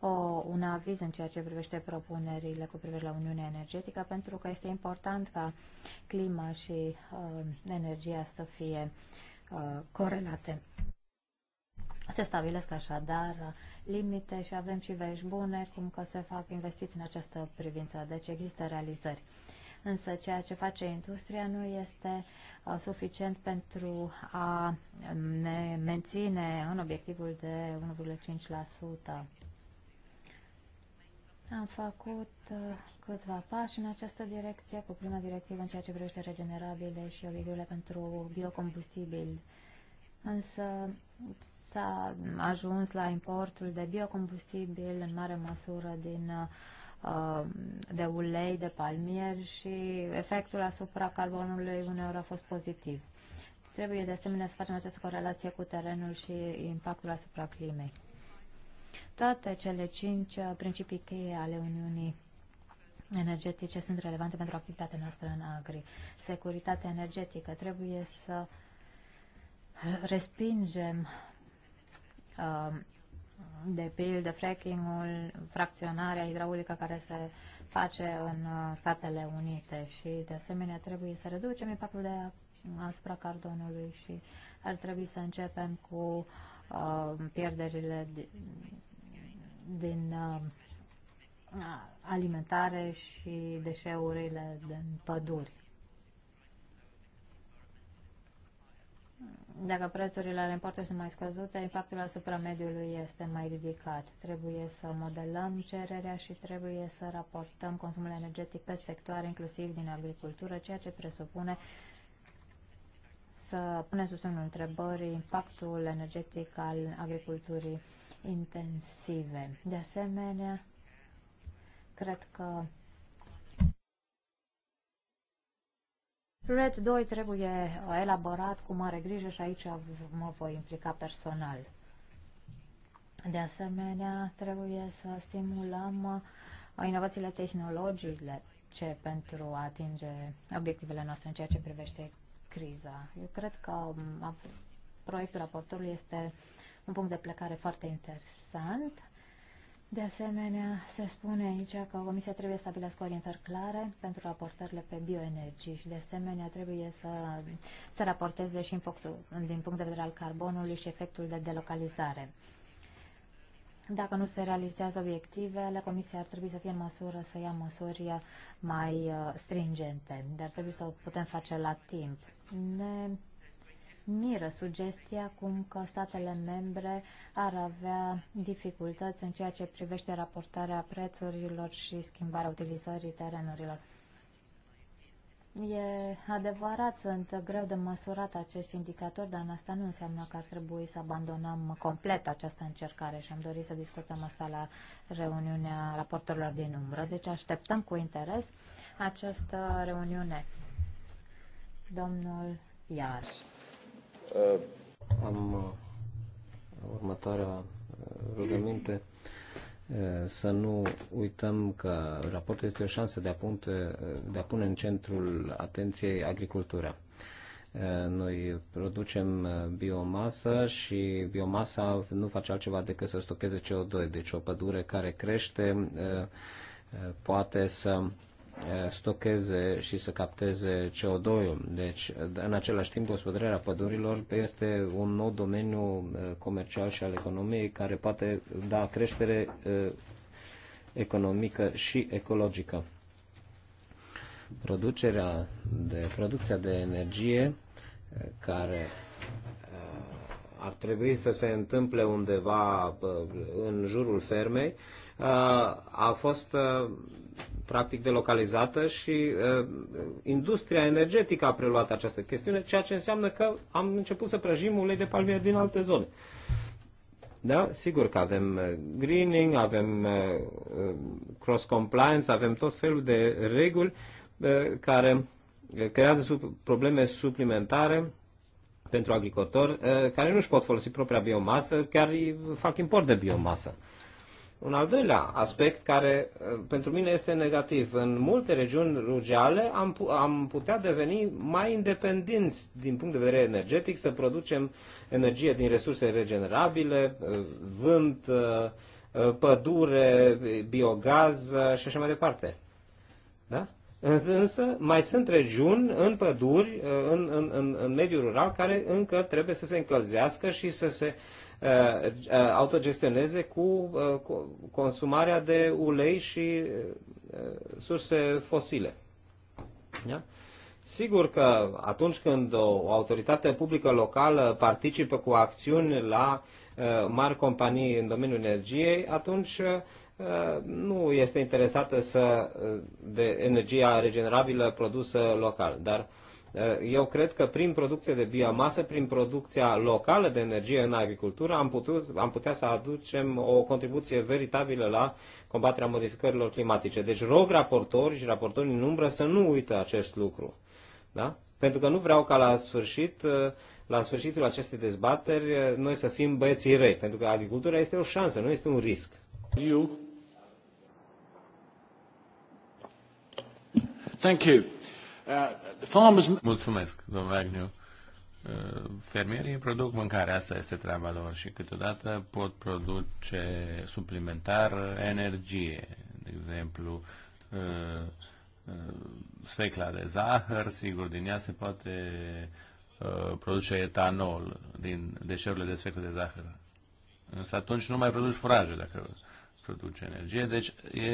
[SPEAKER 3] o, un aviz în ceea ce privește propunerile cu privire la Uniunea Energetică, pentru că este important ca clima și uh, energia să fie uh, corelate. Se stabilesc așadar limite și avem și vești bune, cum că se fac investiții în această privință, deci există realizări. Uh, însă ceea ce face industria nu este uh, suficient pentru a um, ne menține în obiectivul de 1,5%. Am făcut uh, câțiva pași în această direcție, cu prima directivă în ceea ce privește regenerabile și obiectivele pentru biocombustibili. Însă s-a ajuns la importul de biocombustibil în mare măsură din uh, Uh, de ulei de palmier și efectul asupra carbonului uneori a fost pozitiv. Trebuie de asemenea să facem această corelație cu terenul și impactul asupra climei. Toate cele cinci principii cheie ale Uniunii energetice sunt relevante pentru activitatea noastră în agri. Securitatea energetică trebuie să respingem uh, de pildă fracking-ul, fracționarea hidraulică care se face în uh, Statele Unite și de asemenea trebuie să reducem impactul de asupra cardonului și ar trebui să începem cu uh, pierderile din, din uh, alimentare și deșeurile din păduri. dacă prețurile ale importului sunt mai scăzute, impactul asupra mediului este mai ridicat. Trebuie să modelăm cererea și trebuie să raportăm consumul energetic pe sectoare, inclusiv din agricultură, ceea ce presupune să punem sub semnul întrebării impactul energetic al agriculturii intensive. De asemenea, cred că RED 2 trebuie elaborat cu mare grijă și aici mă voi implica personal. De asemenea, trebuie să stimulăm inovațiile tehnologiile ce pentru a atinge obiectivele noastre în ceea ce privește criza. Eu cred că um, proiectul raportului este un punct de plecare foarte interesant de asemenea, se spune aici că Comisia trebuie să stabilească orientări clare pentru raportările pe bioenergie și, de asemenea, trebuie să se raporteze și impactul, din punct de vedere al carbonului și efectul de delocalizare. Dacă nu se realizează obiectivele, Comisia ar trebui să fie în măsură să ia măsuri mai uh, stringente, dar trebuie să o putem face la timp. Ne miră sugestia cum că statele membre ar avea dificultăți în ceea ce privește raportarea prețurilor și schimbarea utilizării terenurilor. E adevărat, sunt greu de măsurat acești indicatori, dar în asta nu înseamnă că ar trebui să abandonăm complet această încercare și am dorit să discutăm asta la reuniunea raportorilor din umbră. Deci așteptăm cu interes această reuniune. Domnul Iași.
[SPEAKER 2] Am uh, următoarea uh, rugăminte uh, să nu uităm că raportul este o șansă de a, punte, de a pune în centrul atenției agricultura. Noi producem biomasă și biomasa nu face altceva decât să stocheze CO2, deci o pădure care crește poate să stocheze și să capteze CO2-ul. Deci, în același timp, gospodarea pădurilor este un nou domeniu comercial și al economiei care poate da creștere economică și ecologică. Producerea de, producția de energie care ar trebui să se întâmple undeva în jurul fermei, a fost practic delocalizată și uh, industria energetică a preluat această chestiune, ceea ce înseamnă că am început să prăjim ulei de palmier din alte zone. Da? Sigur că avem uh, greening, avem uh, uh, cross-compliance, avem tot felul de reguli care creează sub probleme suplimentare pentru agricultori care nu își pot folosi propria biomasă, chiar fac import de biomasă. Un al doilea aspect care uh, pentru mine este negativ. În multe regiuni rurale am, am putea deveni mai independenți din punct de vedere energetic, să producem energie din resurse regenerabile, uh, vânt, uh, pădure, biogaz și așa mai departe. Da? Însă mai sunt regiuni în păduri, în, în, în, în mediul rural, care încă trebuie să se încălzească și să se uh, Uh, uh, autogestioneze uh, cu consumarea de ulei și surse fosile. Da? Sigur că atunci când o autoritate publică locală participă cu acțiuni la mari companii în domeniul energiei, atunci nu este interesată să, de energia regenerabilă produsă local. Dar Eh, eu cred că prin producție de biomasă, prin producția locală de energie în agricultură, am, putut, am putea să aducem o contribuție veritabilă la combaterea modificărilor climatice. Deci rog raportori și raportorii în umbră să nu uită acest lucru. Da? Pentru că nu vreau ca la sfârșit, eh, la sfârșitul acestei dezbateri, eh, noi să fim băieții răi, pentru că agricultura este o șansă, nu este un risc. You.
[SPEAKER 1] Thank you. Uh, Mulțumesc, domnule Agnew. Uh, fermierii produc mâncare, asta este treaba lor și câteodată pot produce suplimentar energie, de exemplu uh, secla de zahăr, sigur, din ea se poate produce etanol din deșeurile de secla de zahăr. Însă atunci nu mai produci furaje dacă produce energie, deci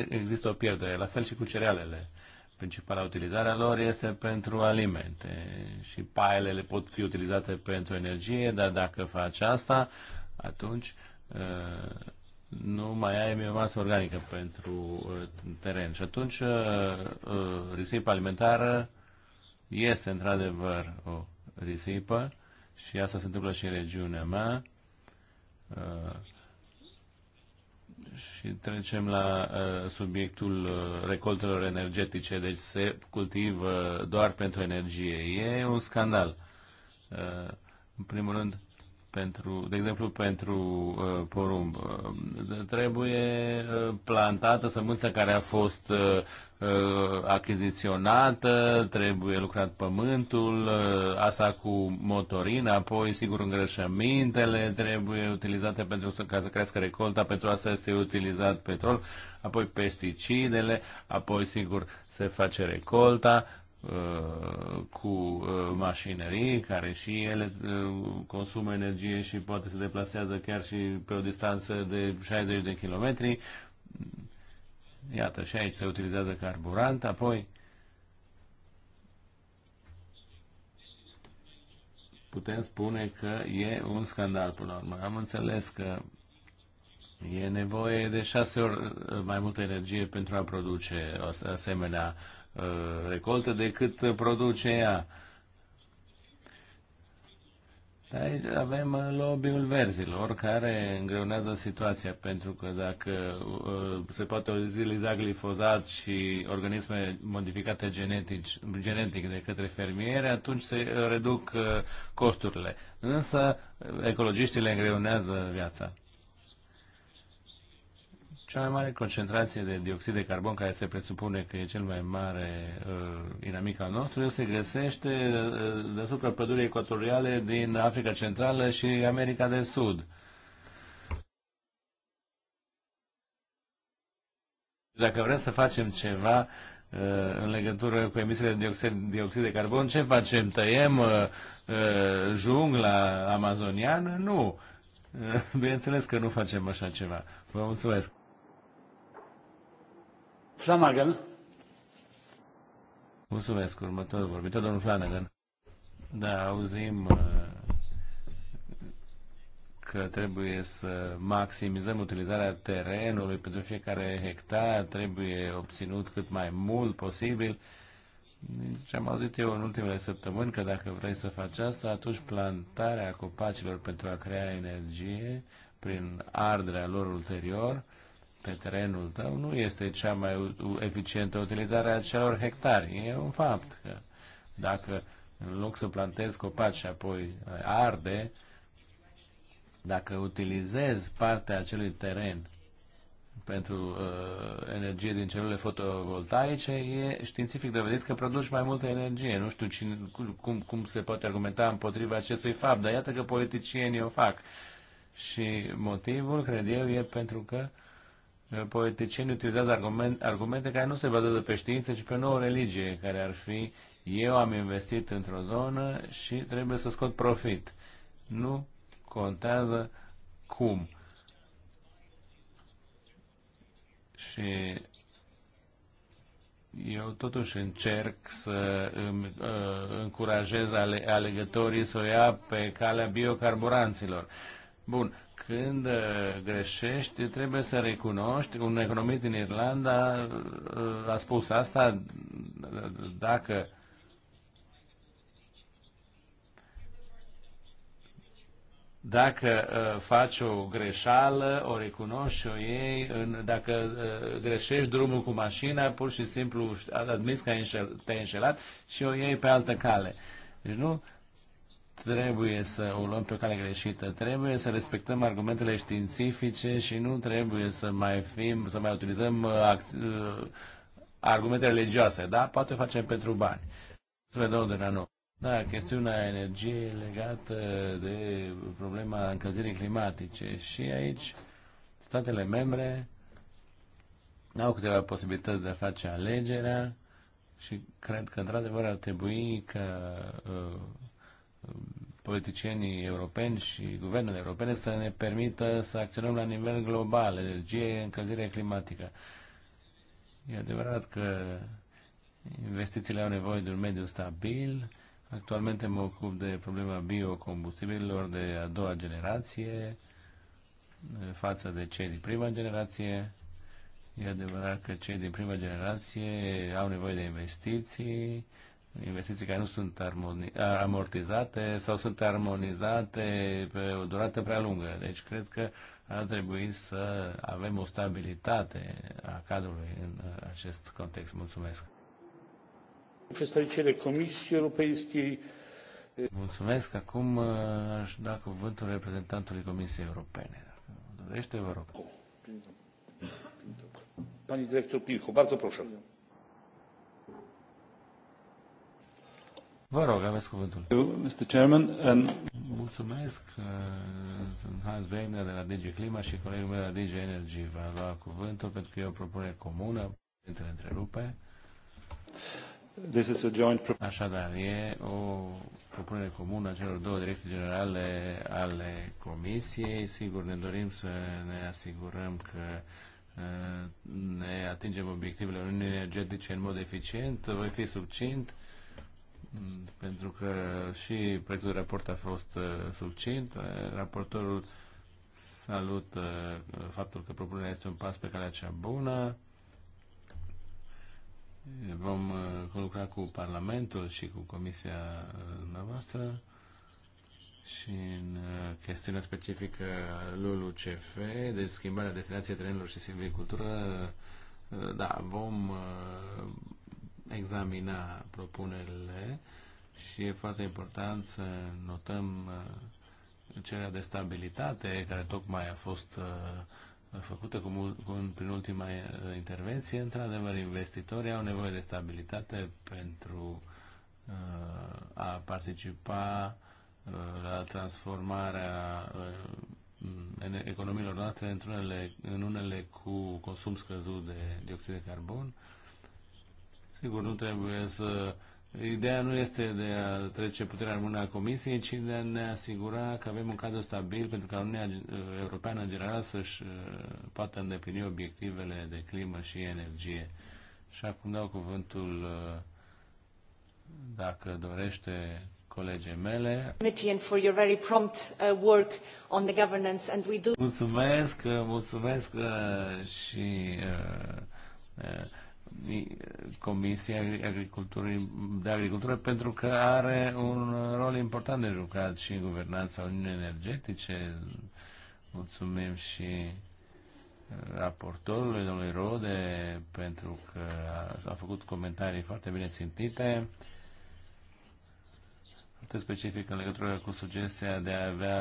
[SPEAKER 1] există o pierdere, la fel și cu cerealele. Uh, principala utilizare a lor este pentru alimente și paelele pot fi utilizate pentru energie, dar dacă faci asta, atunci uh, nu mai ai biomasă organică pentru uh, teren. Și atunci uh, risipa alimentară este într-adevăr o risipă și asta se întâmplă și în regiunea mea și trecem la uh, subiectul uh, recoltelor energetice, deci se cultivă doar pentru energie. E un scandal. Uh, în primul rând, pentru, de exemplu, pentru uh, porumb. Uh, trebuie uh, plantată sămânța care a fost uh, uh, achiziționată, trebuie lucrat pământul, uh, asta cu motorină, apoi, sigur, îngrășămintele trebuie utilizate pentru ca să crească recolta, pentru asta este utilizat petrol, apoi pesticidele, apoi, sigur, se face recolta, Uh, cu uh, mașinării care și ele uh, consumă energie și poate se deplasează chiar și pe o distanță de 60 de kilometri. Iată, și aici se utilizează carburant, apoi putem spune că e un scandal până la urmă. Am înțeles că e nevoie de șase ori mai multă energie pentru a produce asemenea uh, Uh, recoltă decât produce ea. Aici avem uh, lobby-ul verzilor care îngreunează situația, pentru că dacă uh, se poate utiliza glifozat și organisme modificate genetic, genetic de către fermieri, atunci se reduc costurile. Însă ecologiștii le îngreunează viața. Cea mai mare concentrație de dioxid de carbon, care se presupune că e cel mai mare uh, inamic al nostru, se găsește uh, deasupra pădurii ecuatoriale din Africa Centrală și America de Sud. Dacă vrem să facem ceva, uh, în legătură cu emisiile de dioxid, dioxid de carbon, ce facem? Tăiem uh, uh jungla amazoniană? Nu. Uh, bineînțeles că nu facem așa ceva. Vă mulțumesc. Flanagan. Mulțumesc, următorul vorbitor, domnul Flanagan. Da, auzim uh, că trebuie să maximizăm utilizarea terenului pentru fiecare hectar, trebuie obținut cât mai mult posibil. Ce deci am auzit eu în ultimele săptămâni, că dacă vrei să faci asta, atunci plantarea copacilor pentru a crea energie prin arderea lor ulterior pe terenul tău nu este cea mai eficientă utilizare a celor hectari. E un fapt că dacă în loc să plantezi copaci și apoi eh, arde, dacă utilizezi partea acelui teren pentru uh, energie din celule fotovoltaice, e științific dovedit că produci mai multă energie. Nu știu cine, cum, cum se poate argumenta împotriva acestui fapt, dar iată că politicienii o fac. Și motivul, cred eu, e pentru că uh, poeticieni utilizează argument, argumente care nu se bazează pe știință, ci pe nouă religie, care ar fi eu am investit într-o zonă și trebuie să scot profit. Nu contează cum. Și eu totuși încerc să îmi, uh, încurajez ale, alegătorii să o ia pe calea biocarburanților. Uh, Bun, când uh, greșești, trebuie să recunoști, un economist din Irlanda uh, a spus asta, uh, dacă dacă uh, faci o greșeală, o recunoști o ei, în, dacă uh, greșești drumul cu mașina, pur și simplu admiți că te-ai înșelat și o iei pe altă cale. Deci nu trebuie să o luăm pe o cale greșită. Trebuie să respectăm argumentele științifice și nu trebuie să mai fim, să mai utilizăm uh, uh, argumente religioase, da? Poate o facem pentru bani. vedem unde la nou. Da, chestiunea energiei legată de problema încălzirii climatice și aici statele membre au câteva posibilități de a face alegerea și cred că într-adevăr ar trebui uh, politicienii europeni și guvernele europene să ne permită să acționăm la nivel global, energie, încălzire climatică. E adevărat că investițiile au nevoie de un mediu stabil. Actualmente mă ocup de problema biocombustibililor de a doua generație față de cei din prima generație. E adevărat că cei din prima generație au nevoie de investiții, investiții care nu sunt amortizate sau sunt armonizate pe o durată prea lungă. Deci cred că ar trebui să avem o stabilitate a cadrului în acest context. Mulțumesc. Președintele Comisiei Europeiei. Mulțumesc. Acum uh, aș da cuvântul reprezentantului Comisiei Europene. Dacă dorește, vă rog. Pani director Pilco, bardzo proszę. Vă rog, aveți cuvântul. Mr. Chairman, and... Mulțumesc. Uh, sunt Hans Wegner de la DG Clima și colegul meu de la DG Energy va lua cuvântul pentru că e o propunere comună între întrerupe. This is a joint Așadar, e o propunere comună a celor două direcții generale ale Comisiei. Sigur, ne dorim să ne asigurăm că uh, ne atingem obiectivele Uniunii Energetice în mod eficient. Voi fi succint pentru că și proiectul de raport a fost uh, succint. Uh, raportorul salut uh, faptul că propunerea este un pas pe calea cea bună. Vom lucra cu Parlamentul și cu Comisia noastră și în chestiunea specifică LULUCF, de schimbarea destinației terenilor și silvicultură, da, vom examina propunerile și e foarte important să notăm uh, cererea de stabilitate care tocmai a fost uh, făcută cu, cu, prin ultima uh, intervenție. Într-adevăr, investitorii au nevoie de stabilitate pentru a participa la transformarea economiilor noastre în unele, în unele cu consum scăzut de dioxid de carbon Sigur, nu trebuie să... Ideea nu este de a trece puterea în mâna Comisiei, ci de a ne asigura că avem un cadru stabil pentru ca Uniunea Europeană în general să-și uh, poată îndeplini obiectivele de climă și energie. Și acum dau cuvântul, uh, dacă dorește, colegii mele.
[SPEAKER 3] For your very prompt uh, work on the governance and we do.
[SPEAKER 1] Mulțumesc, mulțumesc și uh, uh, Comisia Agriculturii de Agricultură pentru că are un rol important de jucat și în guvernanța Uniunii Energetice. Mulțumim și uh, raportorului, domnului Rode, pentru că a, a făcut comentarii foarte bine țintite, foarte specific în legătură cu sugestia de a avea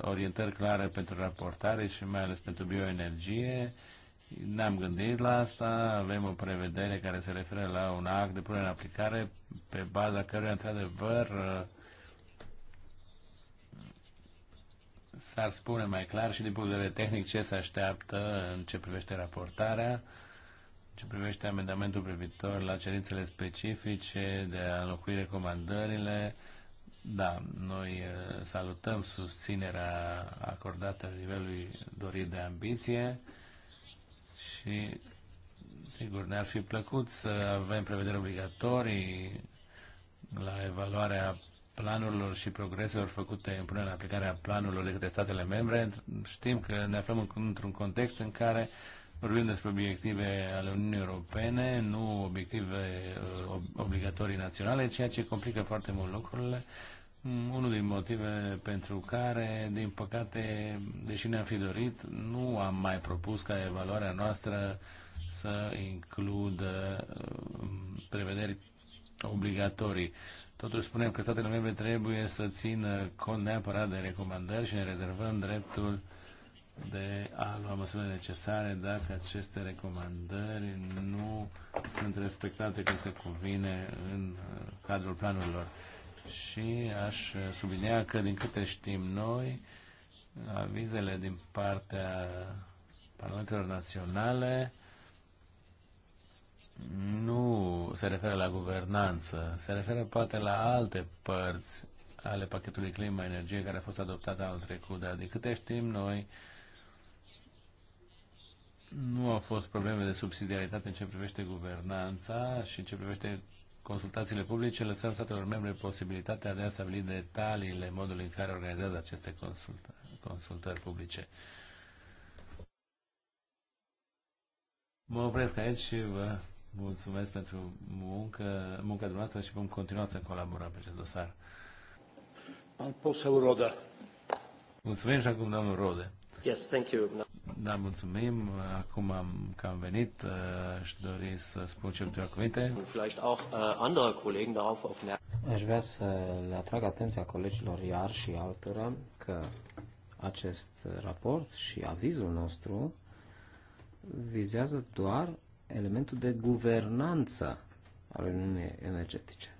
[SPEAKER 1] orientări clare pentru raportare și mai ales pentru bioenergie ne-am gândit la asta, avem o prevedere care se referă la un act de punere în aplicare pe baza căruia, într-adevăr, s-ar spune mai clar și din punct de vedere tehnic ce se așteaptă în ce privește raportarea, în ce privește amendamentul privitor la cerințele specifice de a înlocui recomandările. Da, noi eh, salutăm susținerea acordată nivelului dorit de ambiție și sigur ne-ar fi plăcut să avem prevederi obligatorii la evaluarea planurilor și progreselor făcute în punerea în aplicare a planurilor de către statele membre. Știm că ne aflăm într-un context în care vorbim despre obiective ale Uniunii Europene, nu obiective uh, obligatorii naționale, ceea ce complică foarte mult lucrurile unul din motive pentru care, din păcate, deși ne-am fi dorit, nu am mai propus ca evaluarea noastră să includă uh, prevederi obligatorii. Totuși spunem că statele membre trebuie să țină cont neapărat de recomandări și ne rezervăm dreptul de a lua măsurile necesare dacă aceste recomandări nu sunt respectate cum se cuvine în uh, cadrul planurilor și aș sublinia că, din câte știm noi, avizele din partea Parlamentelor Naționale nu se referă la guvernanță, se referă poate la alte părți ale pachetului clima-energie care a fost adoptat anul trecut, dar din câte știm noi, nu au fost probleme de subsidiaritate în ce privește guvernanța și în ce privește consultațiile publice lăsăm statelor membre posibilitatea de a stabili detaliile modului în care organizează aceste consulta consultări publice. Mă opresc aici și vă mulțumesc pentru muncă, munca dumneavoastră și vom continua să colaborăm pe acest dosar. Am pus Roda. Mulțumim și acum domnul Rode. Yes, thank you. Da, mulțumim. Acum am, că am venit, uh, aș dori să spun ce câteva cuvinte.
[SPEAKER 3] Uh,
[SPEAKER 2] aș vrea să le atrag atenția colegilor iar și altora că acest raport și avizul nostru vizează doar elementul de guvernanță al Uniunii Energetice.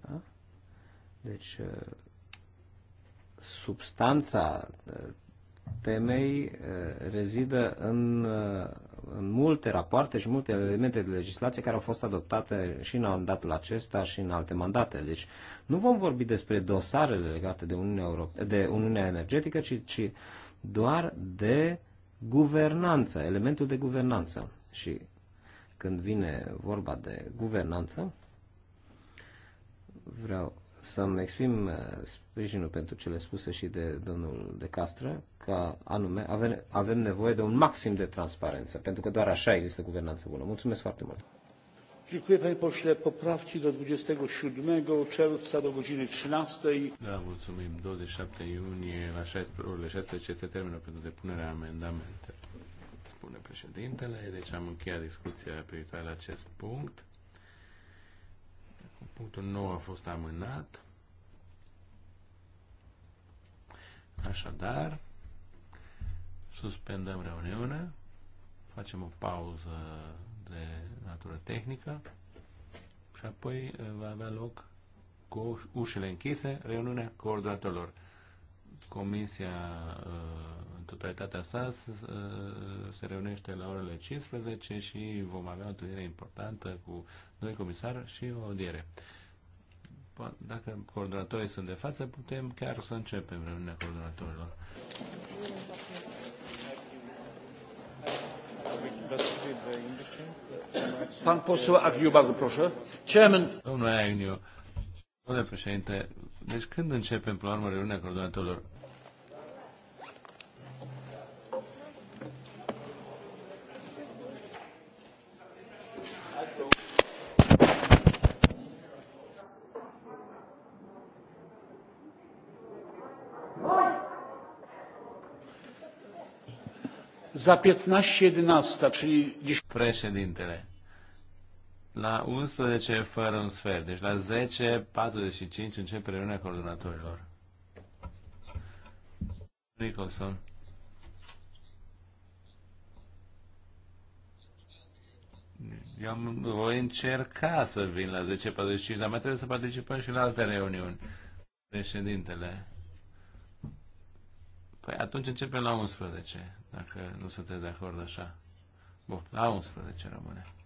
[SPEAKER 2] Da? Deci, uh, substanța uh, temei uh, rezidă în, uh, în multe rapoarte și multe elemente de legislație care au fost adoptate și în mandatul acesta și în alte mandate. Deci nu vom vorbi despre dosarele legate de Uniunea, Europe- de Uniunea Energetică, ci, ci doar de guvernanță, elementul de guvernanță. Și când vine vorba de guvernanță, vreau să-mi exprim uh, sprijinul pentru cele spuse și de domnul De Castră, că anume avem, avem nevoie de un maxim de transparență, pentru că doar așa există guvernanță bună. Mulțumesc foarte mult!
[SPEAKER 1] Dziękuję panie pośle. Poprawki do 27 czerwca do godziny 13.
[SPEAKER 2] Da, mulțumim. 27 iunie la
[SPEAKER 1] 16 este termenul pentru depunerea amendamentelor. Spune președintele, deci am încheiat discuția privitoare la acest punct. Punctul 9 a fost amânat. Așadar, suspendăm reuniunea, facem o pauză de natură tehnică și apoi eh, va avea loc cu ușile închise reuniunea coordonatorilor. Comisia uh, în totalitatea sa uh, se reunește la orele 15 și vom avea o întâlnire importantă cu doi comisari și o audiere. Dacă coordonatorii sunt de față, putem chiar să începem reuniunea coordonatorilor.
[SPEAKER 2] Pan posła Agniu, bardzo
[SPEAKER 1] proszę. Chairman. Domnule Agniu, domnule președinte, deci când începem, până la urmă, reuniunea coordonatorilor? Za 15.11, czyli... Președintele. La 11 fără un sfert, deci la 10.45 începe reuniunea coordonatorilor. Nicholson. Eu am, voi încerca să vin la 10.45, dar mai trebuie să participăm și la alte reuniuni. Președintele. Păi atunci începem la 11, dacă nu sunteți de acord așa. Bun, la 11 rămâne.